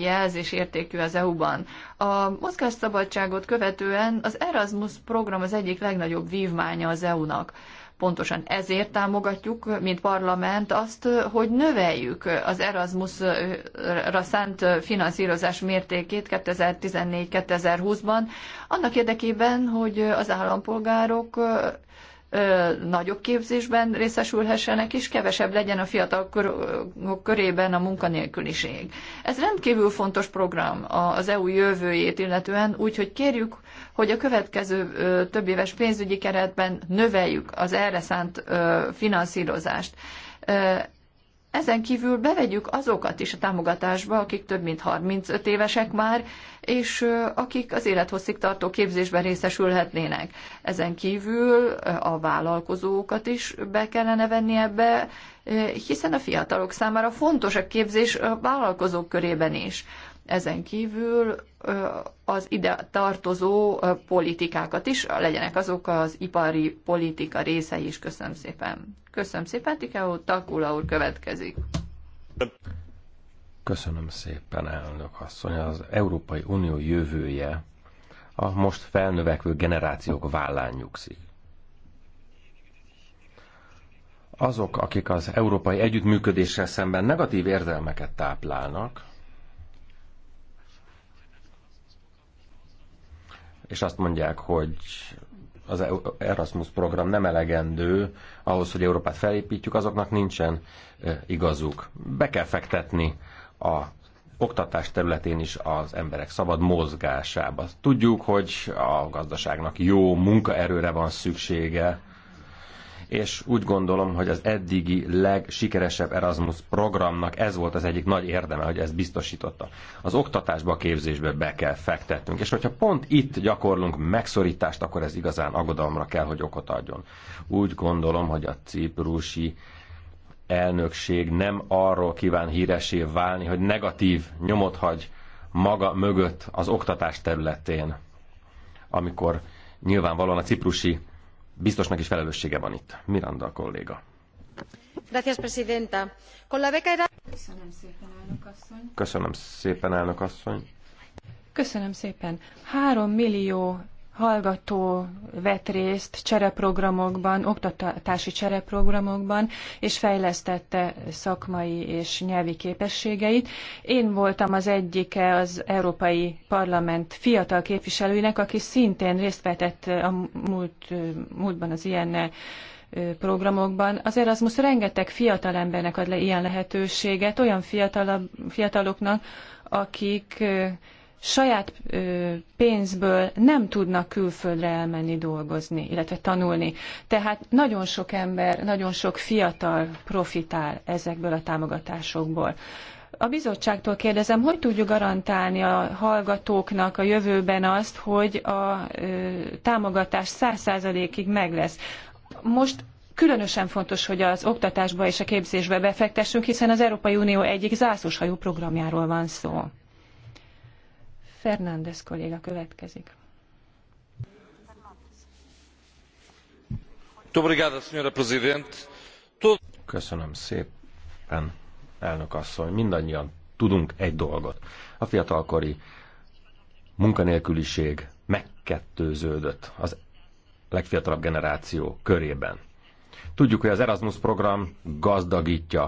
jelzés értékű az EU-ban. A mozgásszabadságot követően az Erasmus program az egyik legnagyobb vívmánya az EU-nak. Pontosan ezért támogatjuk, mint parlament, azt, hogy növeljük az Erasmusra szánt finanszírozás mértékét 2014-2020-ban, annak érdekében, hogy az állampolgárok ö, nagyobb képzésben részesülhessenek, és kevesebb legyen a fiatal korok körében a munkanélküliség. Ez rendkívül fontos program az EU jövőjét illetően, úgyhogy kérjük, hogy a következő ö, több éves pénzügyi keretben növeljük az erre szánt ö, finanszírozást ezen kívül bevegyük azokat is a támogatásba, akik több mint 35 évesek már, és akik az élethosszig tartó képzésben részesülhetnének. Ezen kívül a vállalkozókat is be kellene venni ebbe, hiszen a fiatalok számára fontos a képzés a vállalkozók körében is ezen kívül az ide tartozó politikákat is, legyenek azok az ipari politika részei is. Köszönöm szépen. Köszönöm szépen, Tikeó, Takula úr következik. Köszönöm szépen, elnök asszony. Az Európai Unió jövője a most felnövekvő generációk vállán nyugszik. Azok, akik az európai együttműködéssel szemben negatív érzelmeket táplálnak, és azt mondják, hogy az e Erasmus program nem elegendő ahhoz, hogy Európát felépítjük, azoknak nincsen igazuk. Be kell fektetni a oktatás területén is az emberek szabad mozgásába. Tudjuk, hogy a gazdaságnak jó munkaerőre van szüksége, és úgy gondolom, hogy az eddigi legsikeresebb Erasmus programnak ez volt az egyik nagy érdeme, hogy ezt biztosította. Az oktatásba, a képzésbe be kell fektetnünk, és hogyha pont itt gyakorlunk megszorítást, akkor ez igazán aggodalomra kell, hogy okot adjon. Úgy gondolom, hogy a ciprusi elnökség nem arról kíván híresé válni, hogy negatív nyomot hagy maga mögött az oktatás területén, amikor nyilvánvalóan a ciprusi biztosnak is felelőssége van itt. Miranda a kolléga. Gracias, presidenta. Con la beca era... Köszönöm szépen, elnök asszony. Köszönöm szépen, elnök asszony. Köszönöm szépen. Három millió hallgató vett részt csereprogramokban, oktatási csereprogramokban, és fejlesztette szakmai és nyelvi képességeit. Én voltam az egyike az Európai Parlament fiatal képviselőinek, aki szintén részt vetett a múlt, múltban az ilyen programokban. Az Erasmus rengeteg fiatal embernek ad le ilyen lehetőséget, olyan fiatal fiataloknak, akik saját pénzből nem tudnak külföldre elmenni dolgozni, illetve tanulni. Tehát nagyon sok ember, nagyon sok fiatal profitál ezekből a támogatásokból. A bizottságtól kérdezem, hogy tudjuk garantálni a hallgatóknak a jövőben azt, hogy a támogatás száz százalékig meg lesz. Most különösen fontos, hogy az oktatásba és a képzésbe befektessünk, hiszen az Európai Unió egyik zászlóshajó programjáról van szó. Fernández kolléga következik. Köszönöm szépen, elnök asszony. Mindannyian tudunk egy dolgot. A fiatalkori munkanélküliség megkettőződött az legfiatalabb generáció körében. Tudjuk, hogy az Erasmus program gazdagítja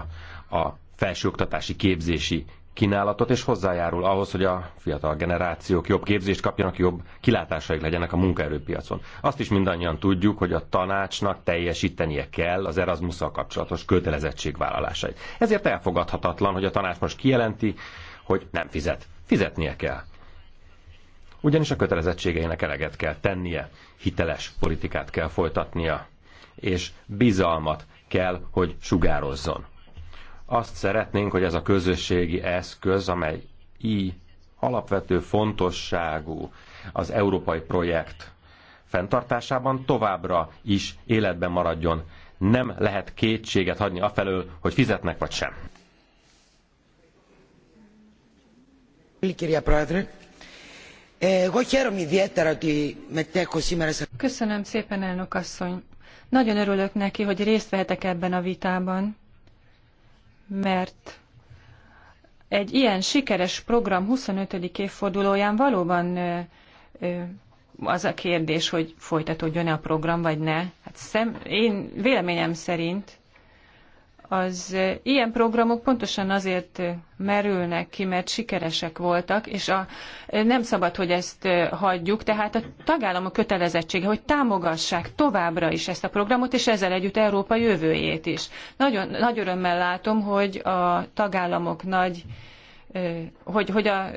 a felsőoktatási képzési kínálatot, és hozzájárul ahhoz, hogy a fiatal generációk jobb képzést kapjanak, jobb kilátásaik legyenek a munkaerőpiacon. Azt is mindannyian tudjuk, hogy a tanácsnak teljesítenie kell az erasmus kapcsolatos kötelezettségvállalásait. Ezért elfogadhatatlan, hogy a tanács most kijelenti, hogy nem fizet. Fizetnie kell. Ugyanis a kötelezettségeinek eleget kell tennie, hiteles politikát kell folytatnia, és bizalmat kell, hogy sugározzon azt szeretnénk, hogy ez a közösségi eszköz, amely így alapvető fontosságú az európai projekt fenntartásában továbbra is életben maradjon. Nem lehet kétséget hagyni afelől, hogy fizetnek vagy sem. Eh, Köszönöm szépen, elnök asszony. Nagyon örülök neki, hogy részt vehetek ebben a vitában mert egy ilyen sikeres program 25. évfordulóján valóban az a kérdés, hogy folytatódjon-e a program, vagy ne. Hát szem, én véleményem szerint az eh, ilyen programok pontosan azért eh, merülnek ki, mert sikeresek voltak, és a, eh, nem szabad, hogy ezt hagyjuk, tehát a tagállamok kötelezettsége, hogy támogassák továbbra is ezt a programot, és ezzel együtt Európa jövőjét is. Nagyon nagy örömmel látom, hogy a tagállamok nagy hogy, hogy a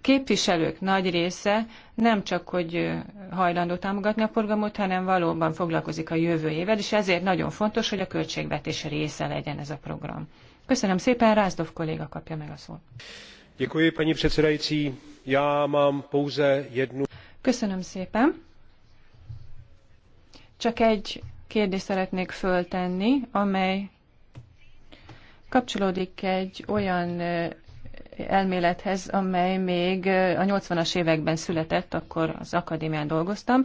képviselők nagy része nem csak, hogy hajlandó támogatni a programot, hanem valóban foglalkozik a jövőjével, és ezért nagyon fontos, hogy a költségvetés része legyen ez a program. Köszönöm szépen, Rázdov kolléga kapja meg a szót. Děkuji, paní předsedající. Já mám pouze jednu... Köszönöm szépen. Csak egy kérdést szeretnék föltenni, amely kapcsolódik egy olyan elmélethez, amely még a 80-as években született, akkor az akadémián dolgoztam.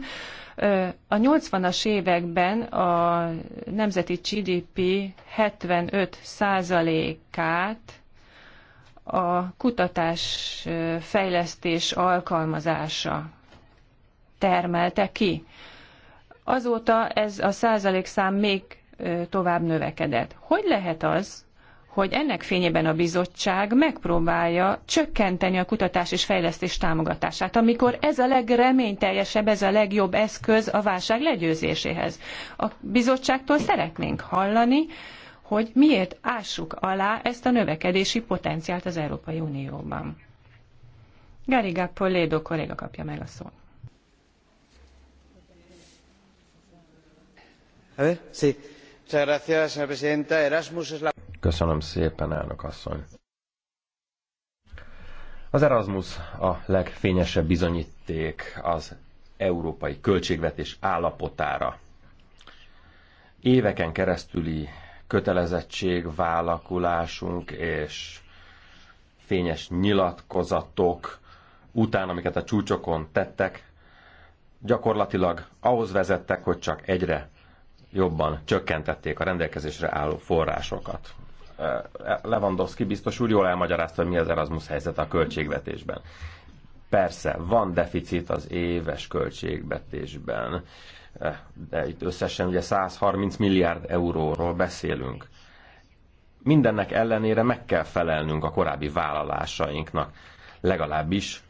A 80-as években a nemzeti GDP 75%-át a kutatás fejlesztés alkalmazása termelte ki. Azóta ez a százalékszám még tovább növekedett. Hogy lehet az, hogy ennek fényében a bizottság megpróbálja csökkenteni a kutatás és fejlesztés támogatását, amikor ez a legreményteljesebb, ez a legjobb eszköz a válság legyőzéséhez. A bizottságtól szeretnénk hallani, hogy miért ássuk alá ezt a növekedési potenciált az Európai Unióban. Gariga Polledo kolléga kapja meg a szót. Sí. Muchas gracias, señora presidenta. Erasmus es la Köszönöm szépen, elnök asszony. Az Erasmus a legfényesebb bizonyíték az európai költségvetés állapotára. Éveken keresztüli kötelezettség, vállakulásunk és fényes nyilatkozatok után, amiket a csúcsokon tettek, gyakorlatilag ahhoz vezettek, hogy csak egyre jobban csökkentették a rendelkezésre álló forrásokat. Eh, Lewandowski biztos úr jól elmagyarázta, hogy mi az Erasmus helyzet a költségvetésben. Persze, van deficit az éves költségvetésben, eh, de itt összesen ugye 130 milliárd euróról beszélünk. Mindennek ellenére meg kell felelnünk a korábbi vállalásainknak, legalábbis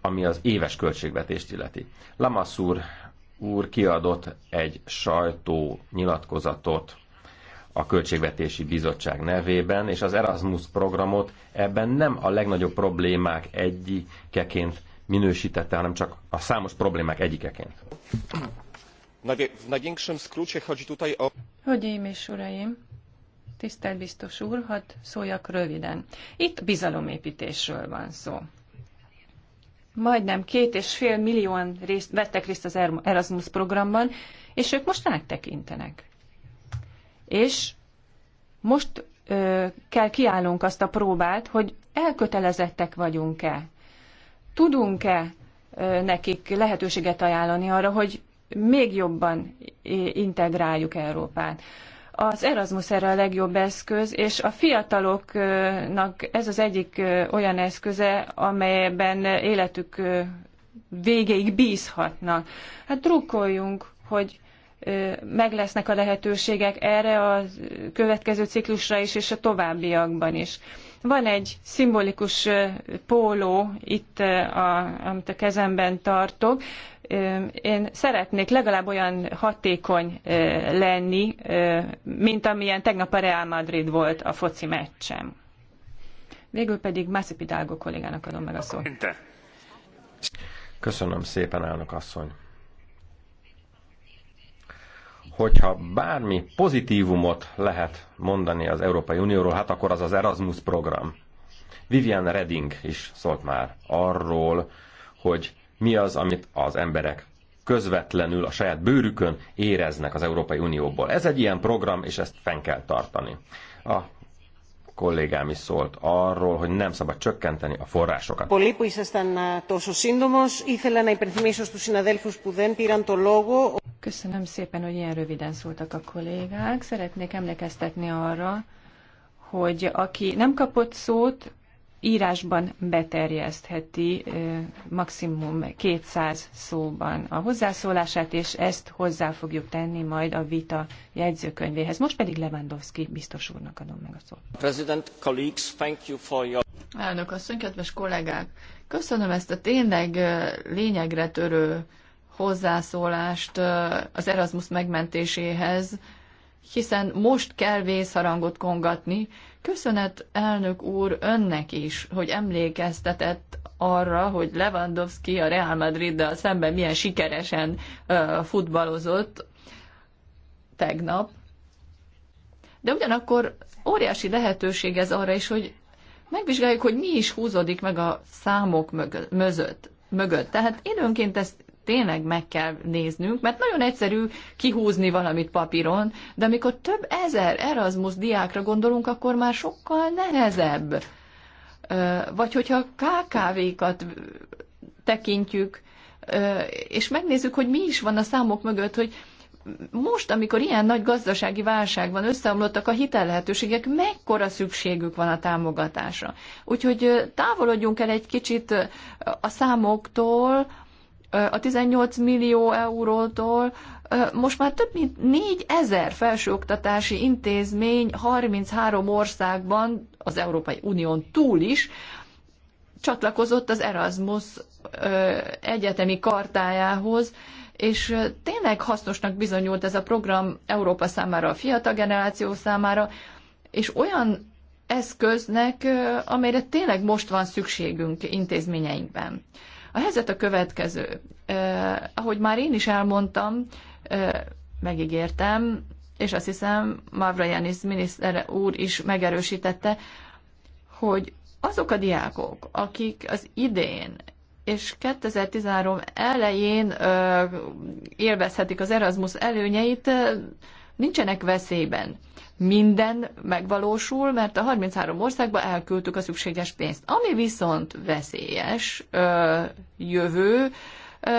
ami az éves költségvetést illeti. Lamassur úr kiadott egy sajtó nyilatkozatot a Költségvetési Bizottság nevében, és az Erasmus programot ebben nem a legnagyobb problémák egyikeként minősítette, hanem csak a számos problémák egyikeként. Hölgyeim és uraim, tisztelt biztos úr, hadd szóljak röviden. Itt bizalomépítésről van szó. Majdnem két és fél millióan részt, vettek részt az erm- Erasmus programban, és ők most tekintenek és most ö, kell kiállnunk azt a próbát, hogy elkötelezettek vagyunk-e. Tudunk-e nekik lehetőséget ajánlani arra, hogy még jobban integráljuk Európát. Az Erasmus erre a legjobb eszköz, és a fiataloknak ez az egyik olyan eszköze, amelyben életük végéig bízhatnak. Hát drukkoljunk, hogy meg lesznek a lehetőségek erre a következő ciklusra is, és a továbbiakban is. Van egy szimbolikus póló itt, a, amit a kezemben tartok. Én szeretnék legalább olyan hatékony lenni, mint amilyen tegnap a Real Madrid volt a foci meccsem. Végül pedig Mászi Pidálgo kollégának adom meg a szót. Köszönöm szépen, elnök asszony hogyha bármi pozitívumot lehet mondani az Európai Unióról, hát akkor az az Erasmus program. Vivian Redding is szólt már arról, hogy mi az, amit az emberek közvetlenül a saját bőrükön éreznek az Európai Unióból. Ez egy ilyen program, és ezt fenn kell tartani. A kollégám is szólt arról, hogy nem szabad csökkenteni a forrásokat. Πολύ που ήσασταν τόσο σύντομος, ήθελα να υπενθυμίσω στους συναδέλφους που δεν πήραν το λόγο. Köszönöm szépen, hogy ilyen röviden szóltak a kollégák. Szeretnék emlékeztetni arra, hogy aki nem kapott szót, írásban beterjesztheti maximum 200 szóban a hozzászólását, és ezt hozzá fogjuk tenni majd a vita jegyzőkönyvéhez. Most pedig Lewandowski biztos úrnak adom meg a szót. President, colleagues, thank you for your... Elnök asszony, kedves kollégák! Köszönöm ezt a tényleg lényegre törő hozzászólást az Erasmus megmentéséhez, hiszen most kell vészharangot kongatni, Köszönet, elnök úr, önnek is, hogy emlékeztetett arra, hogy Lewandowski a Real Madriddal szemben milyen sikeresen futballozott tegnap. De ugyanakkor óriási lehetőség ez arra is, hogy megvizsgáljuk, hogy mi is húzódik meg a számok mögött. mögött. Tehát időnként ezt tényleg meg kell néznünk, mert nagyon egyszerű kihúzni valamit papíron, de amikor több ezer Erasmus diákra gondolunk, akkor már sokkal nehezebb. Vagy hogyha KKV-kat tekintjük, és megnézzük, hogy mi is van a számok mögött, hogy most, amikor ilyen nagy gazdasági válság van, összeomlottak a hitellehetőségek, mekkora szükségük van a támogatásra. Úgyhogy távolodjunk el egy kicsit a számoktól, a 18 millió eurótól most már több mint 4 ezer felsőoktatási intézmény 33 országban, az Európai Unión túl is, csatlakozott az Erasmus egyetemi kartájához, és tényleg hasznosnak bizonyult ez a program Európa számára, a fiatal generáció számára, és olyan eszköznek, amelyre tényleg most van szükségünk intézményeinkben. A helyzet a következő. Eh, ahogy már én is elmondtam, eh, megígértem, és azt hiszem Mavrajanis miniszter úr is megerősítette, hogy azok a diákok, akik az idén és 2013 elején eh, élvezhetik az Erasmus előnyeit, nincsenek veszélyben. Minden megvalósul, mert a 33 országba elküldtük a szükséges pénzt. Ami viszont veszélyes ö, jövő, ö,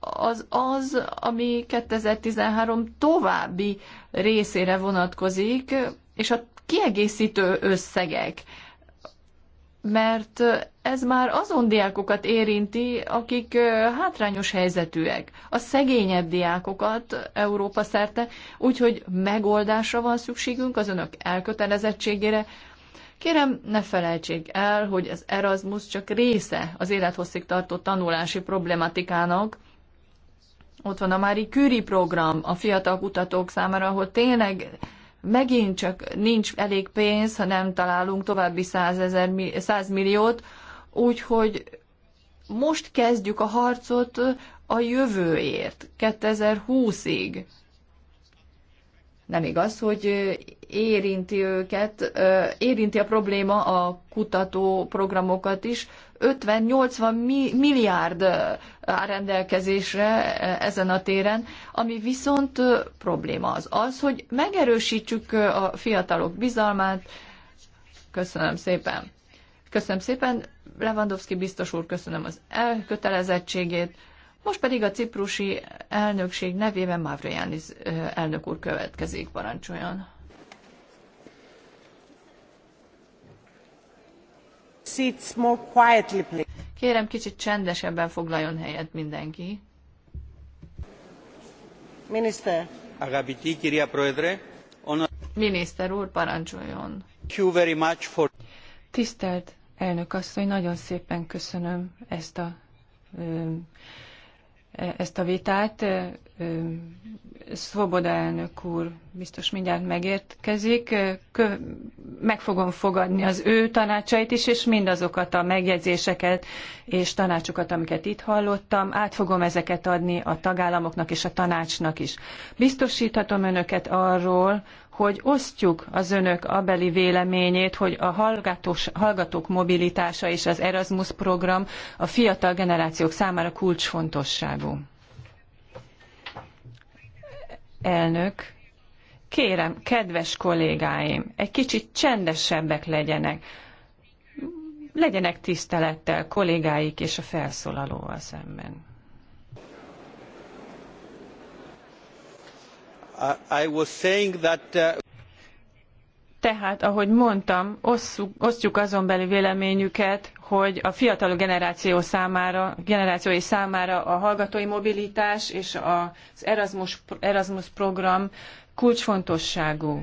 az az, ami 2013 további részére vonatkozik, és a kiegészítő összegek. Ö, mert ez már azon diákokat érinti, akik hátrányos helyzetűek, a szegényebb diákokat Európa szerte, úgyhogy megoldásra van szükségünk az önök elkötelezettségére. Kérem, ne felejtsék el, hogy az Erasmus csak része az élethosszig tartó tanulási problematikának, ott van a Mári Küri program a fiatal kutatók számára, ahol tényleg megint csak nincs elég pénz, ha nem találunk további 100, 100 milliót, úgyhogy most kezdjük a harcot a jövőért, 2020-ig. Nem igaz, hogy érinti őket, érinti a probléma a kutató programokat is, 50-80 milliárd áll rendelkezésre ezen a téren, ami viszont probléma az az, hogy megerősítsük a fiatalok bizalmát. Köszönöm szépen. Köszönöm szépen, Lewandowski biztos úr, köszönöm az elkötelezettségét. Most pedig a ciprusi elnökség nevében Mavrojánis elnök úr következik, parancsoljon. seats more quietly, please. Kérem, kicsit csendesebben foglaljon helyet mindenki. Miniszter. Agapiti, kiria proedre. Miniszter úr, parancsoljon. Thank you very much for... Tisztelt elnök asszony, nagyon szépen köszönöm ezt a ö, ezt a vitát. Svoboda elnök úr biztos mindjárt megérkezik. Meg fogom fogadni az ő tanácsait is, és mindazokat a megjegyzéseket és tanácsokat, amiket itt hallottam. Át fogom ezeket adni a tagállamoknak és a tanácsnak is. Biztosíthatom önöket arról, hogy osztjuk az önök abeli véleményét, hogy a hallgatós, hallgatók mobilitása és az Erasmus program a fiatal generációk számára kulcsfontosságú. Elnök, kérem, kedves kollégáim, egy kicsit csendesebbek legyenek. Legyenek tisztelettel kollégáik és a felszólalóval szemben. Uh, tehát, ahogy mondtam, osztjuk azon beli véleményüket, hogy a fiatal generáció számára, generációi számára a hallgatói mobilitás és az Erasmus, Erasmus program kulcsfontosságú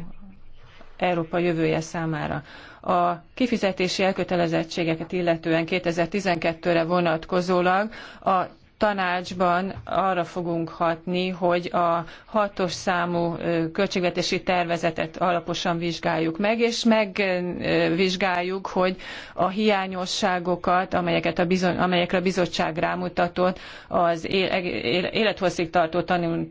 Európa jövője számára. A kifizetési elkötelezettségeket illetően 2012-re vonatkozólag a tanácsban arra fogunk hatni, hogy a hatos számú költségvetési tervezetet alaposan vizsgáljuk meg, és megvizsgáljuk, hogy a hiányosságokat, amelyeket a bizony, amelyekre a bizottság rámutatott, az e-, tartó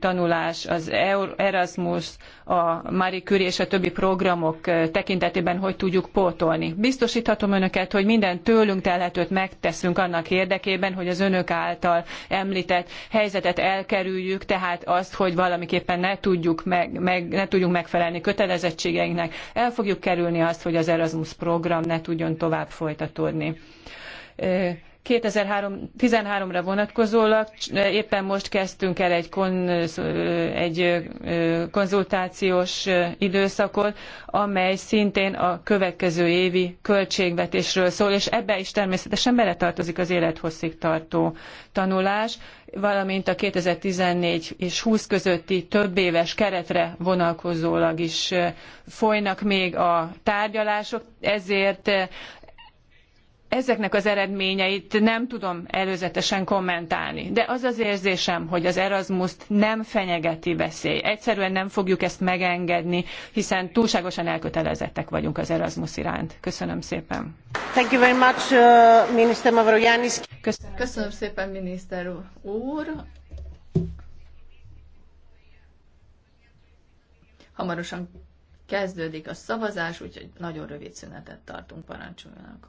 tanulás, az Erasmus, a Marie Curie és a többi programok tekintetében hogy tudjuk pótolni. Biztosíthatom önöket, hogy minden tőlünk telhetőt megteszünk annak érdekében, hogy az önök által említett helyzetet elkerüljük, tehát azt, hogy valamiképpen ne, tudjuk meg, meg, ne tudjunk megfelelni kötelezettségeinknek, el fogjuk kerülni azt, hogy az Erasmus program ne tudjon tovább folytatódni 2013-ra vonatkozólag eh, éppen most kezdtünk el egy, kon, eh, egy eh, konzultációs időszakot, amely szintén a következő évi költségvetésről szól, és ebbe is természetesen beletartozik az élethosszig tartó tanulás, valamint a 2014 és 20 közötti többéves keretre vonalkozólag is folynak még a tárgyalások, ezért ezeknek az eredményeit nem tudom előzetesen kommentálni, de az az érzésem, hogy az Erasmus-t nem fenyegeti veszély. Egyszerűen nem fogjuk ezt megengedni, hiszen túlságosan elkötelezettek vagyunk az Erasmus iránt. Köszönöm szépen. Thank you very much, uh, Minister Mavroyanis. Köszönöm. Köszönöm szépen, miniszter úr. Hamarosan kezdődik a szavazás, úgyhogy nagyon rövid szünetet tartunk, parancsoljanak.